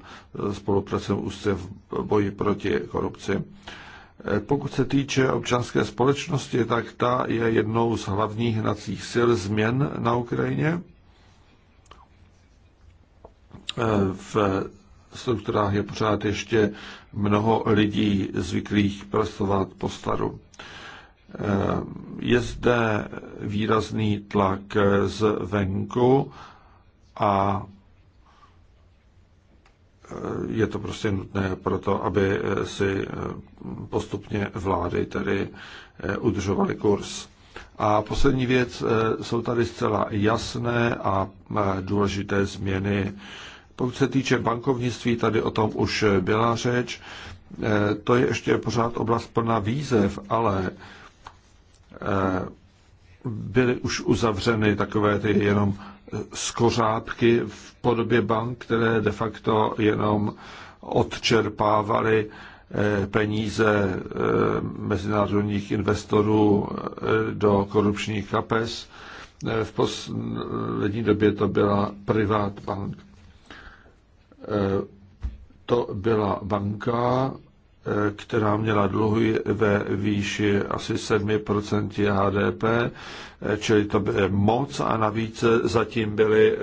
spolupráce úzce v boji proti korupci. Eh, pokud se týče občanské společnosti, tak ta je jednou z hlavních hnacích sil změn na Ukrajině. Eh, v strukturách je pořád ještě mnoho lidí zvyklých pracovat po staru. Eh, je zde výrazný tlak z venku a Eh, je to prostě nutné pro to, aby eh, si eh, postupně vlády tedy udržovaly kurz. A poslední věc, jsou tady zcela jasné a důležité změny. Pokud se týče bankovnictví, tady o tom už byla řeč. To je ještě pořád oblast plná výzev, ale byly už uzavřeny takové ty jenom eh, skořápky v podobě bank, které de facto jenom odčerpávaly eh, peníze eh, mezinárodních investorů do korupčních kapes. V poslední době to byla bank. To byla banka, která měla dluhy ve výši asi 7% HDP, čili to bylo moc a navíc zatím byly eh,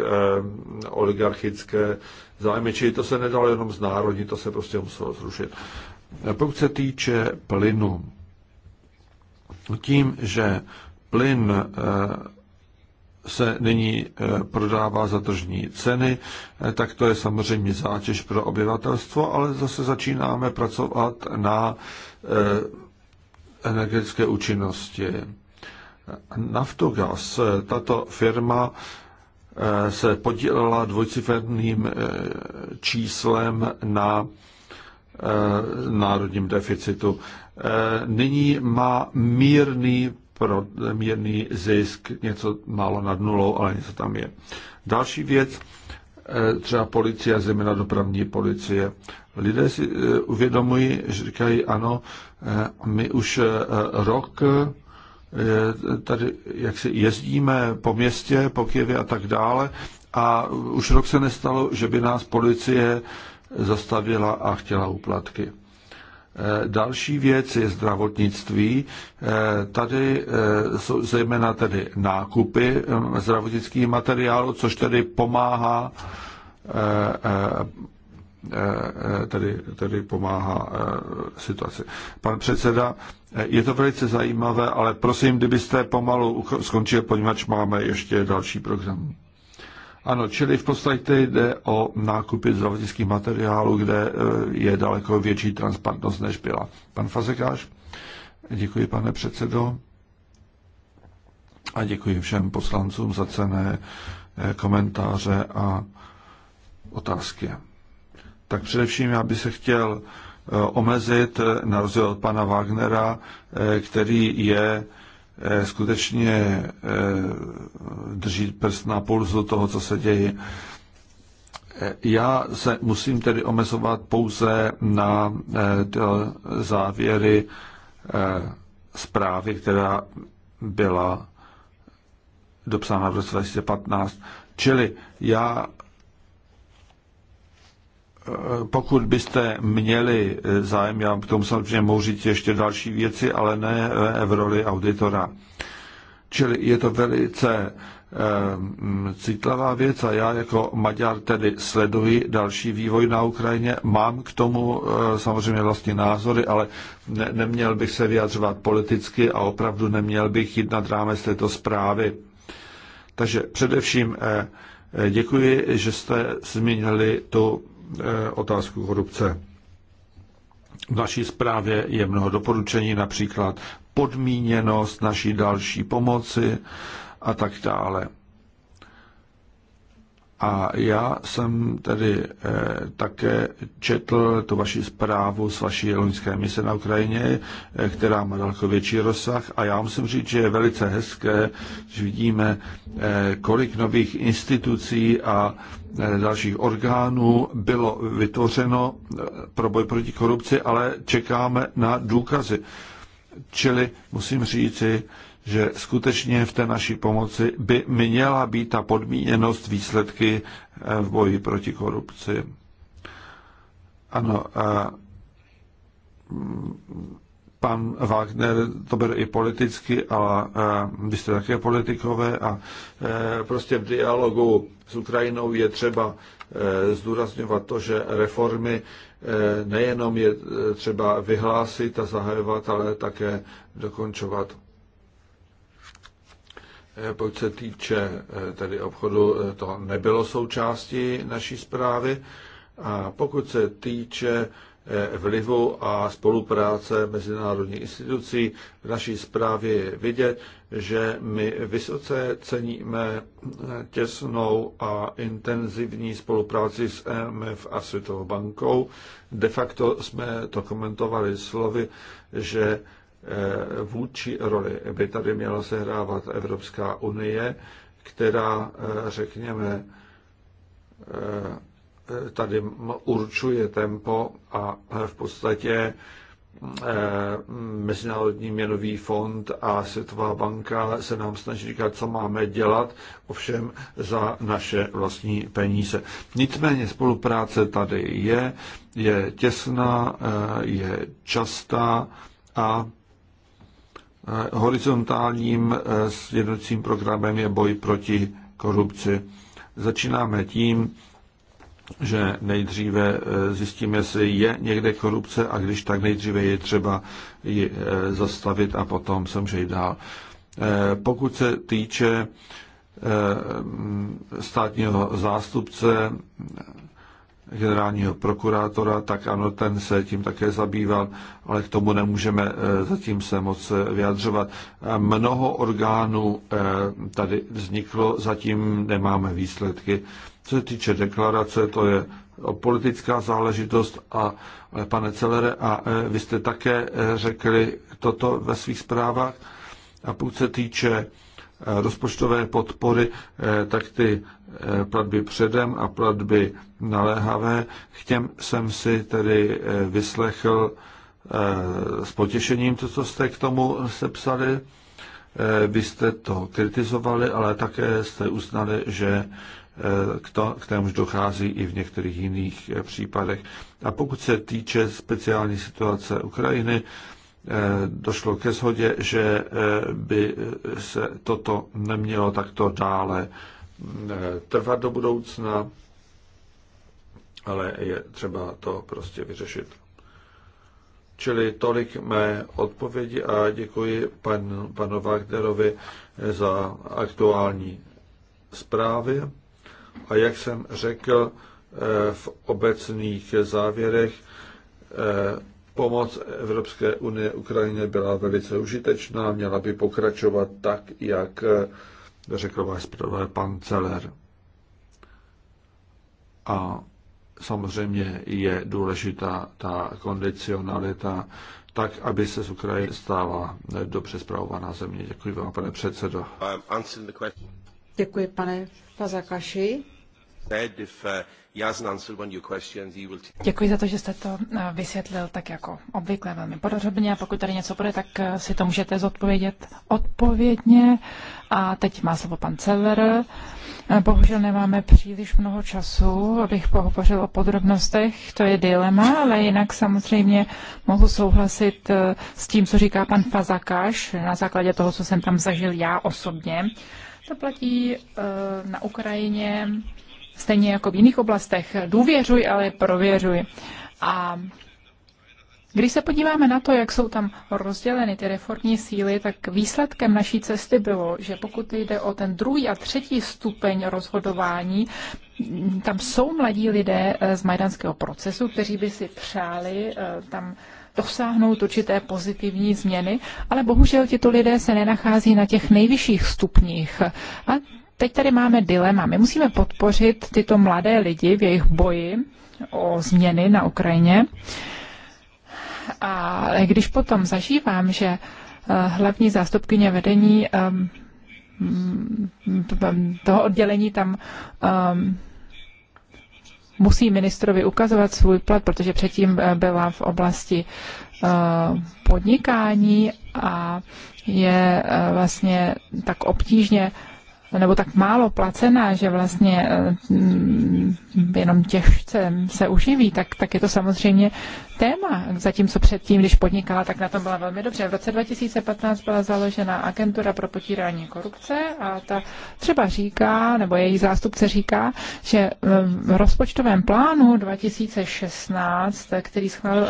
oligarchické zájmy, čili to se nedalo jenom znárodnit, to se prostě muselo zrušit. Pokud se týče plynu, tím, že plyn eh, se nyní eh, prodává za tržní ceny, eh, tak to je samozřejmě zátěž pro obyvatelstvo, ale zase začínáme pracovat na eh, energetické účinnosti. Naftogaz, tato firma se podílela dvojciferným číslem na národním deficitu. Nyní má mírný pro mírný zisk, něco málo nad nulou, ale něco tam je. Další věc, eh, třeba policie, zejména dopravní policie. Lidé si eh, uvědomují, že říkají, ano, eh, my už rok tady jak si jezdíme po městě, po Kijevě a tak dále a už rok se nestalo, že by nás policie zastavila a chtěla úplatky. Eh, další věc je zdravotnictví. Eh, tady eh, jsou zejména tedy nákupy zdravotnických materiálů, což tedy pomáhá tedy, tedy pomáhá situaci. Pan předseda, je to velice zajímavé, ale prosím, kdybyste pomalu skončil, poněvadž máme ještě další program. Ano, čili v podstatě jde o nákupy zdravotnických materiálů, kde eh, je daleko větší transparentnost, než byla. Pan Fazekáš, děkuji, pane předsedo, a děkuji všem poslancům za cené eh, komentáře a otázky. Tak především já bych se chtěl eh, omezit na rozdíl od pana Wagnera, který je Eh, skutečně eh, drží prst na pulzu toho, co se děje. Eh, já se musím tedy omezovat pouze na závěry zprávy, která byla dopsána v roce 2015. Čili já pokud byste měli zájem, já k tomu samozřejmě mohu říct ještě další věci, ale ne eh, v roli auditora. Čili je to velice eh, citlivá věc a já jako Maďar tedy sleduji další vývoj na Ukrajině. Mám k tomu eh, samozřejmě vlastní názory, ale ne, neměl bych se vyjadřovat politicky a opravdu neměl bych jít nad rámec této zprávy. Takže především děkuji, že jste zmínili tu Eh, otázku korupce. V naší zprávě je mnoho doporučení, například podmíněnost naší další pomoci a tak dále. A já jsem tedy eh, také četl tu vaši zprávu z vaší loňské mise na Ukrajině, eh, která má daleko větší rozsah. A já musím říct, že je velice hezké, že vidíme, eh, kolik nových institucí a eh, dalších orgánů bylo vytvořeno eh, pro boj proti korupci, ale čekáme na důkazy. Čili musím říci, že skutečně v té naší pomoci by měla být ta podmíněnost výsledky eh, v boji proti korupci. Ano, eh, pan Wagner to byl i politicky, ale eh, vy jste také politikové a prostě v dialogu s Ukrajinou je třeba zdůrazňovat to, že reformy nejenom je třeba vyhlásit a zahajovat, ale také dokončovat. Eh, pokud se týče eh, tedy obchodu, eh, to nebylo součástí naší zprávy. A pokud se týče vlivu a spolupráce mezinárodních institucí, v naší zprávě je vidět, že my vysoce ceníme těsnou a intenzivní spolupráci s EMF a Světovou bankou. De facto jsme to komentovali slovy, že Eh, vůči roli by tady měla sehrávat Evropská unie, která, eh, řekněme, eh, tady určuje tempo a v podstatě Mezinárodní měnový fond a Světová banka se nám snaží říkat, co máme dělat, ovšem za naše vlastní peníze. Nicméně spolupráce tady je, je těsná, je častá a Horizontálním eh, sjednocím programem je boj proti korupci. Začínáme tím, že nejdříve eh, zjistíme, jestli je někde korupce a když tak nejdříve je třeba ji eh, zastavit a potom se může jít dál. Pokud se týče státního zástupce, generálního prokurátora, tak ano, ten se tím také zabýval, ale k tomu nemůžeme eh, zatím se moc eh, vyjadřovat. Mnoho orgánů eh, tady vzniklo, zatím nemáme výsledky. Co se týče deklarace, to je politická záležitost a pane Celere, a vy jste také řekli toto ve svých zprávách. A pokud se týče Eh, rozpočtové podpory, eh, tak ty eh, platby předem a platby naléhavé. K těm jsem si tedy vyslechl s potěšením to, co jste k tomu sepsali. Vy jste to kritizovali, ale také jste uznali, že k, to, k témuž dochází i v některých jiných případech. A pokud se týče speciální situace Ukrajiny, Eh, došlo ke shodě, že eh, by se toto nemělo takto dále eh, trvat do budoucna, ale je třeba to prostě vyřešit. Čili tolik mé odpovědi a děkuji pan, panu Wagnerovi za aktuální zprávy. A jak jsem řekl v obecných závěrech, Pomoc Evropské unie Ukrajině byla velice užitečná, měla by pokračovat tak, jak řekl váš zpravodaj pan Celer. A samozřejmě je důležitá ta kondicionalita, tak, aby se z Ukrajiny stává dobře zpravovaná země. Děkuji vám, pane předsedo. Děkuji, pane Fazakaši. Děkuji za to, že jste to uh, vysvětlil tak jako obvykle velmi podrobně. Pokud tady něco bude, tak uh, si to můžete zodpovědět odpovědně. A teď má slovo pan Celer. Uh, bohužel nemáme příliš mnoho času, abych pohovořil o podrobnostech, to je dilema, ale jinak samozřejmě mohu souhlasit s tím, co říká pan Fazakáš, na základě toho, co jsem tam zažil já osobně. To platí na Ukrajině, stejně jako v jiných oblastech. Důvěřuj, ale prověřuj. A když se podíváme na to, jak jsou tam rozděleny ty reformní síly, tak výsledkem naší cesty bylo, že pokud jde o ten druhý a třetí stupeň rozhodování, tam jsou mladí lidé eh, z majdanského procesu, kteří by si přáli eh, tam dosáhnout určité pozitivní změny, ale bohužel tito lidé se nenachází na těch nejvyšších stupních. A teď tady máme dilema. My musíme podpořit tyto mladé lidi v jejich boji o změny na Ukrajině. A když potom zažívám, že eh, hlavní zástupkyně vedení toho oddělení tam musí ministrovi ukazovat svůj plat, protože předtím eh, byla v oblasti eh, podnikání a je vlastně tak obtížně nebo tak málo placená, že vlastně eh, mm, jenom těžce se uživí, tak, tak je to samozřejmě téma. Zatímco předtím, když podnikala, tak na tom byla velmi dobře. V roce 2015 byla založena agentura pro potírání korupce a ta třeba říká, nebo její zástupce říká, že eh, v rozpočtovém plánu 2016, který schválil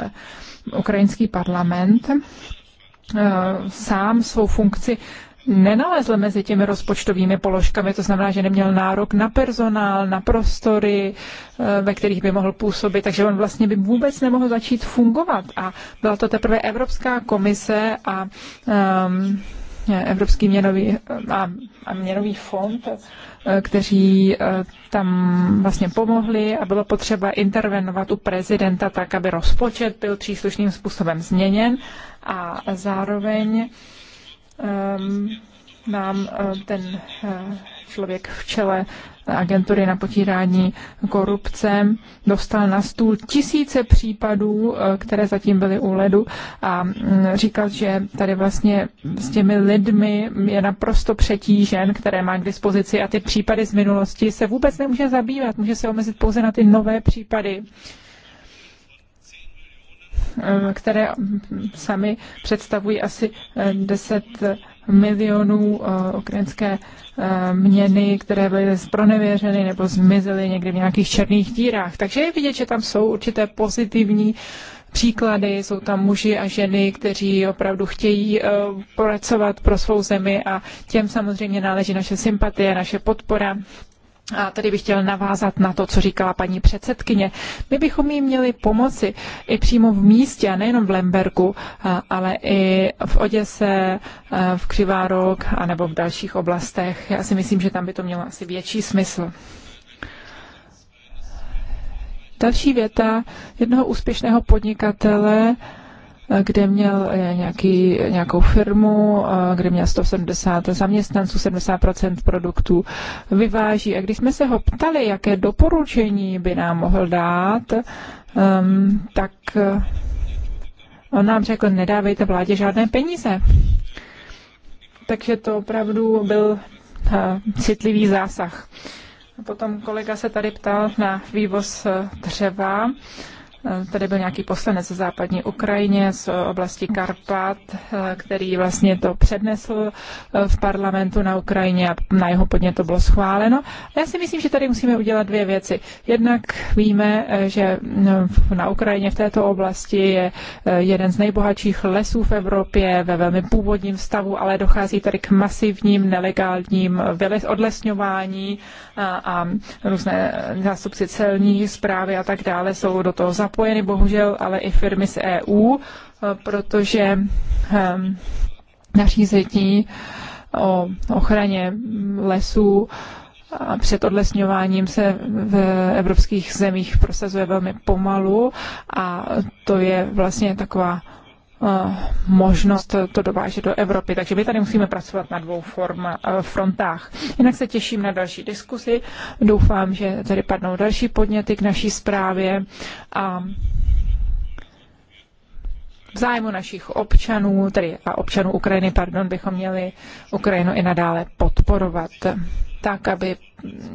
ukrajinský parlament, eh, sám svou funkci nenalezl mezi těmi rozpočtovými položkami, to znamená, že neměl nárok na personál, na prostory, eh, ve kterých by mohl působit, takže on vlastně by vůbec nemohl začít fungovat. A byla to teprve Evropská komise a um, Evropský měnový a, a měnový fond, eh, kteří eh, tam vlastně pomohli a bylo potřeba intervenovat u prezidenta tak, aby rozpočet byl příslušným způsobem změněn a zároveň Ehm, nám ehm, ten eh, člověk v čele agentury na potírání korupce dostal na stůl tisíce případů, eh, které zatím byly u ledu a mm, říkal, že tady vlastně s těmi lidmi je naprosto přetížen, které má k dispozici a ty případy z minulosti se vůbec nemůže zabývat, může se omezit pouze na ty nové případy. Eh, které sami představují asi 10 eh, milionů eh, ukrajinské měny, které byly zpronevěřeny nebo zmizely někdy v nějakých černých dírách. Takže je vidět, že tam jsou určité pozitivní příklady, jsou tam muži a ženy, kteří opravdu chtějí pracovat pro svou zemi a těm samozřejmě náleží naše sympatie, naše podpora a tady bych chtěl navázat na to, co říkala paní předsedkyně. My bychom jí měli pomoci i přímo v místě, a nejenom v Lembergu, ale i v Oděse, v Křivárok a nebo v dalších oblastech. Já si myslím, že tam by to mělo asi větší smysl. Další věta jednoho úspěšného podnikatele kde měl eh, nějaký, nějakou firmu, eh, kde měl 170 zaměstnanců, 70% produktů vyváží. A když jsme se ho ptali, jaké doporučení by nám mohl dát, um, tak eh, on nám řekl, nedávejte vládě žádné peníze. Takže to opravdu byl uh, citlivý zásah. potom kolega se tady ptal na vývoz dřeva. Tady byl nějaký poslanec ze západní Ukrajině z oblasti Karpat, který vlastně to přednesl eh, v parlamentu na Ukrajině a na jeho podnět to bylo schváleno. A já si myslím, že tady musíme udělat dvě věci. Jednak víme, eh, že mm, na Ukrajině v této oblasti je eh, jeden z nejbohatších lesů v Evropě ve velmi původním stavu, ale dochází tady k masivním nelegálním odlesňování a, a různé zástupci celní zprávy a tak dále jsou do toho zapojeni napojeny bohužel ale i firmy z EU, eh, protože ehm, nařízení o ochraně lesů a před odlesňováním se v evropských zemích prosazuje velmi pomalu a to je vlastně taková Eh, možnost to dovážet do Evropy. Takže my tady musíme pracovat na dvou form, eh, frontách. Jinak se těším na další diskusi. Doufám, že tady padnou další podněty k naší zprávě a v zájmu našich občanů, tedy a občanů Ukrajiny, pardon, bychom měli Ukrajinu i nadále podporovat tak, aby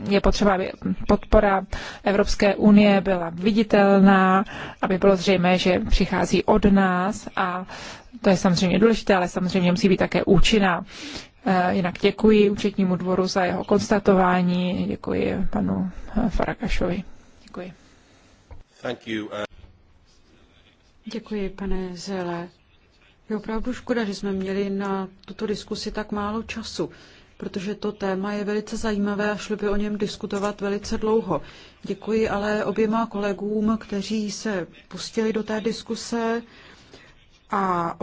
je potřeba, aby podpora Evropské unie byla viditelná, aby bylo zřejmé, že přichází od nás a to je samozřejmě důležité, ale samozřejmě musí být také účinná. Eh, jinak děkuji účetnímu dvoru za jeho konstatování, děkuji panu eh, Farakašovi. Děkuji. Thank you. Uh, děkuji, pane Zele. Je opravdu škoda, že jsme měli na tuto diskusi tak málo času protože to téma je velice zajímavé a šlo by o něm diskutovat velice dlouho. Děkuji ale oběma kolegům, kteří se pustili do té diskuse a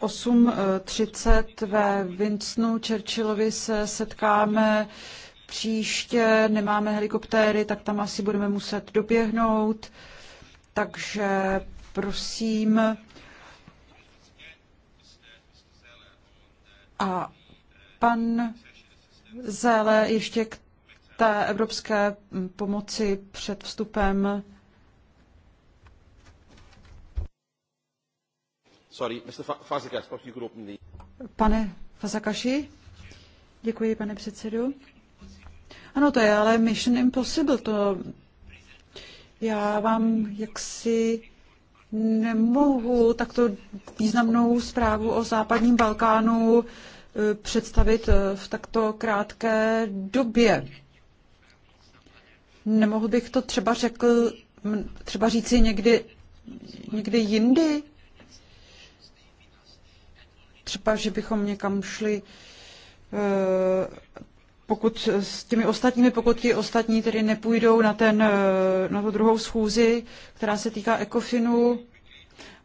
8.30 ve Winstonu Churchillovi se setkáme příště, nemáme helikoptéry, tak tam asi budeme muset doběhnout, takže prosím a Pan Zéle ještě k té evropské pomoci před vstupem. Sorry, Mr. Fazakas, you could open the... Pane Fazakaši, děkuji, pane předsedu. Ano, to je ale Mission Impossible, to já vám jaksi nemohu takto významnou zprávu o západním Balkánu představit eh, v takto krátké době. Nemohl bych to třeba řekl, třeba říci někdy, někdy jindy? Třeba, že bychom někam šli, eh, pokud s těmi ostatními, pokud ti ostatní tedy nepůjdou na, ten, eh, na tu druhou schůzi, která se týká ECOFINu,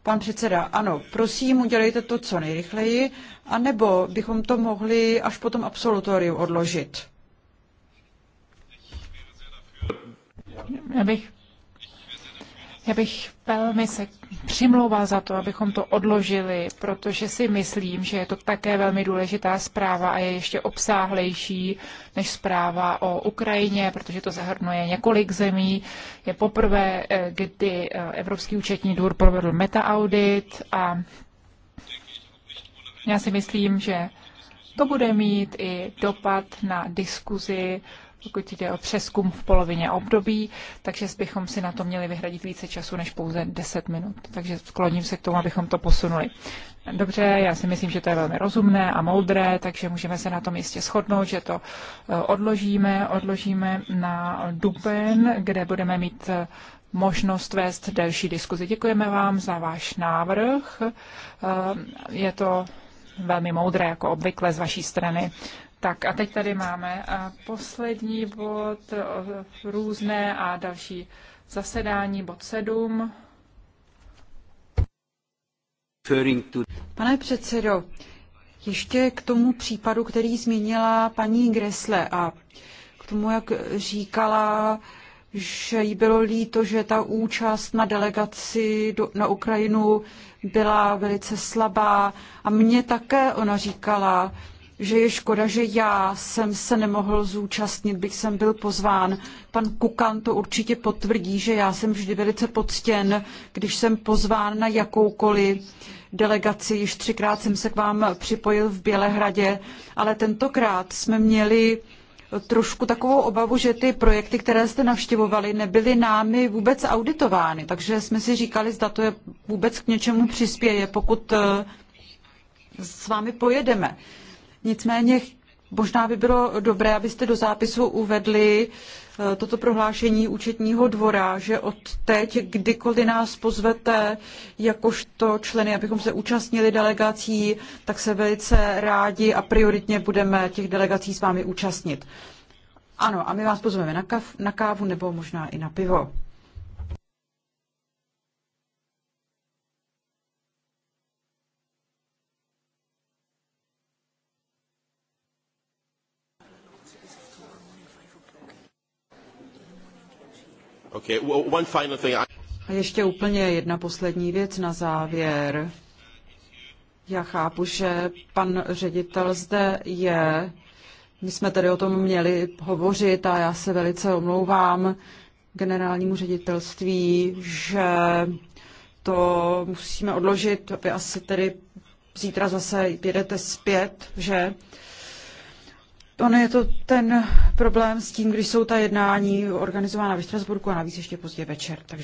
Pan předseda, ano, prosím, udělejte to co nejrychleji, anebo bychom to mohli až po tom absolutoriu odložit. Já bych já bych velmi se přimlouval za to, abychom to odložili, protože si myslím, že je to také velmi důležitá zpráva a je ještě obsáhlejší než zpráva o Ukrajině, protože to zahrnuje několik zemí. Je poprvé, eh, kdy eh, Evropský účetní dvůr provedl metaaudit a já si myslím, že to bude mít i dopad na diskuzi pokud jde o přeskum v polovině období, takže bychom si na to měli vyhradit více času než pouze 10 minut. Takže skloním se k tomu, abychom to posunuli. Dobře, já si myslím, že to je velmi rozumné a moudré, takže můžeme se na tom jistě shodnout, že to eh, odložíme, odložíme na duben, kde budeme mít eh, možnost vést delší diskuzi. Děkujeme vám za váš návrh. Eh, je to velmi moudré, jako obvykle z vaší strany. Tak a teď tady máme poslední bod, různé a další zasedání, bod 7. Pane předsedo, ještě k tomu případu, který zmínila paní Gresle a k tomu, jak říkala, že jí bylo líto, že ta účast na delegaci do, na Ukrajinu byla velice slabá. A mně také ona říkala, že je škoda, že já jsem se nemohl zúčastnit, bych jsem byl pozván. Pan Kukan to určitě potvrdí, že já jsem vždy velice poctěn, když jsem pozván na jakoukoliv delegaci. Již třikrát jsem se k vám připojil v Bělehradě, ale tentokrát jsme měli trošku takovou obavu, že ty projekty, které jste navštěvovali, nebyly námi vůbec auditovány. Takže jsme si říkali, zda to je vůbec k něčemu přispěje, pokud eh, s vámi pojedeme. Nicméně možná by bylo dobré, abyste do zápisu uvedli, Eh, toto prohlášení účetního dvora, že od teď, kdykoliv nás pozvete jakožto členy, abychom se účastnili delegací, tak se velice rádi a prioritně budeme těch delegací s vámi účastnit. Ano, a my vás pozveme na, na kávu nebo možná i na pivo. Okay, one final thing. A ještě úplně jedna poslední věc na závěr. Já chápu, že pan ředitel zde je. My jsme tedy o tom měli hovořit a já se velice omlouvám generálnímu ředitelství, že to musíme odložit. Vy asi tedy zítra zase jedete zpět, že? On je to ten problém s tím, když jsou ta jednání organizována ve Štrasburku a navíc ještě pozdě večer, takže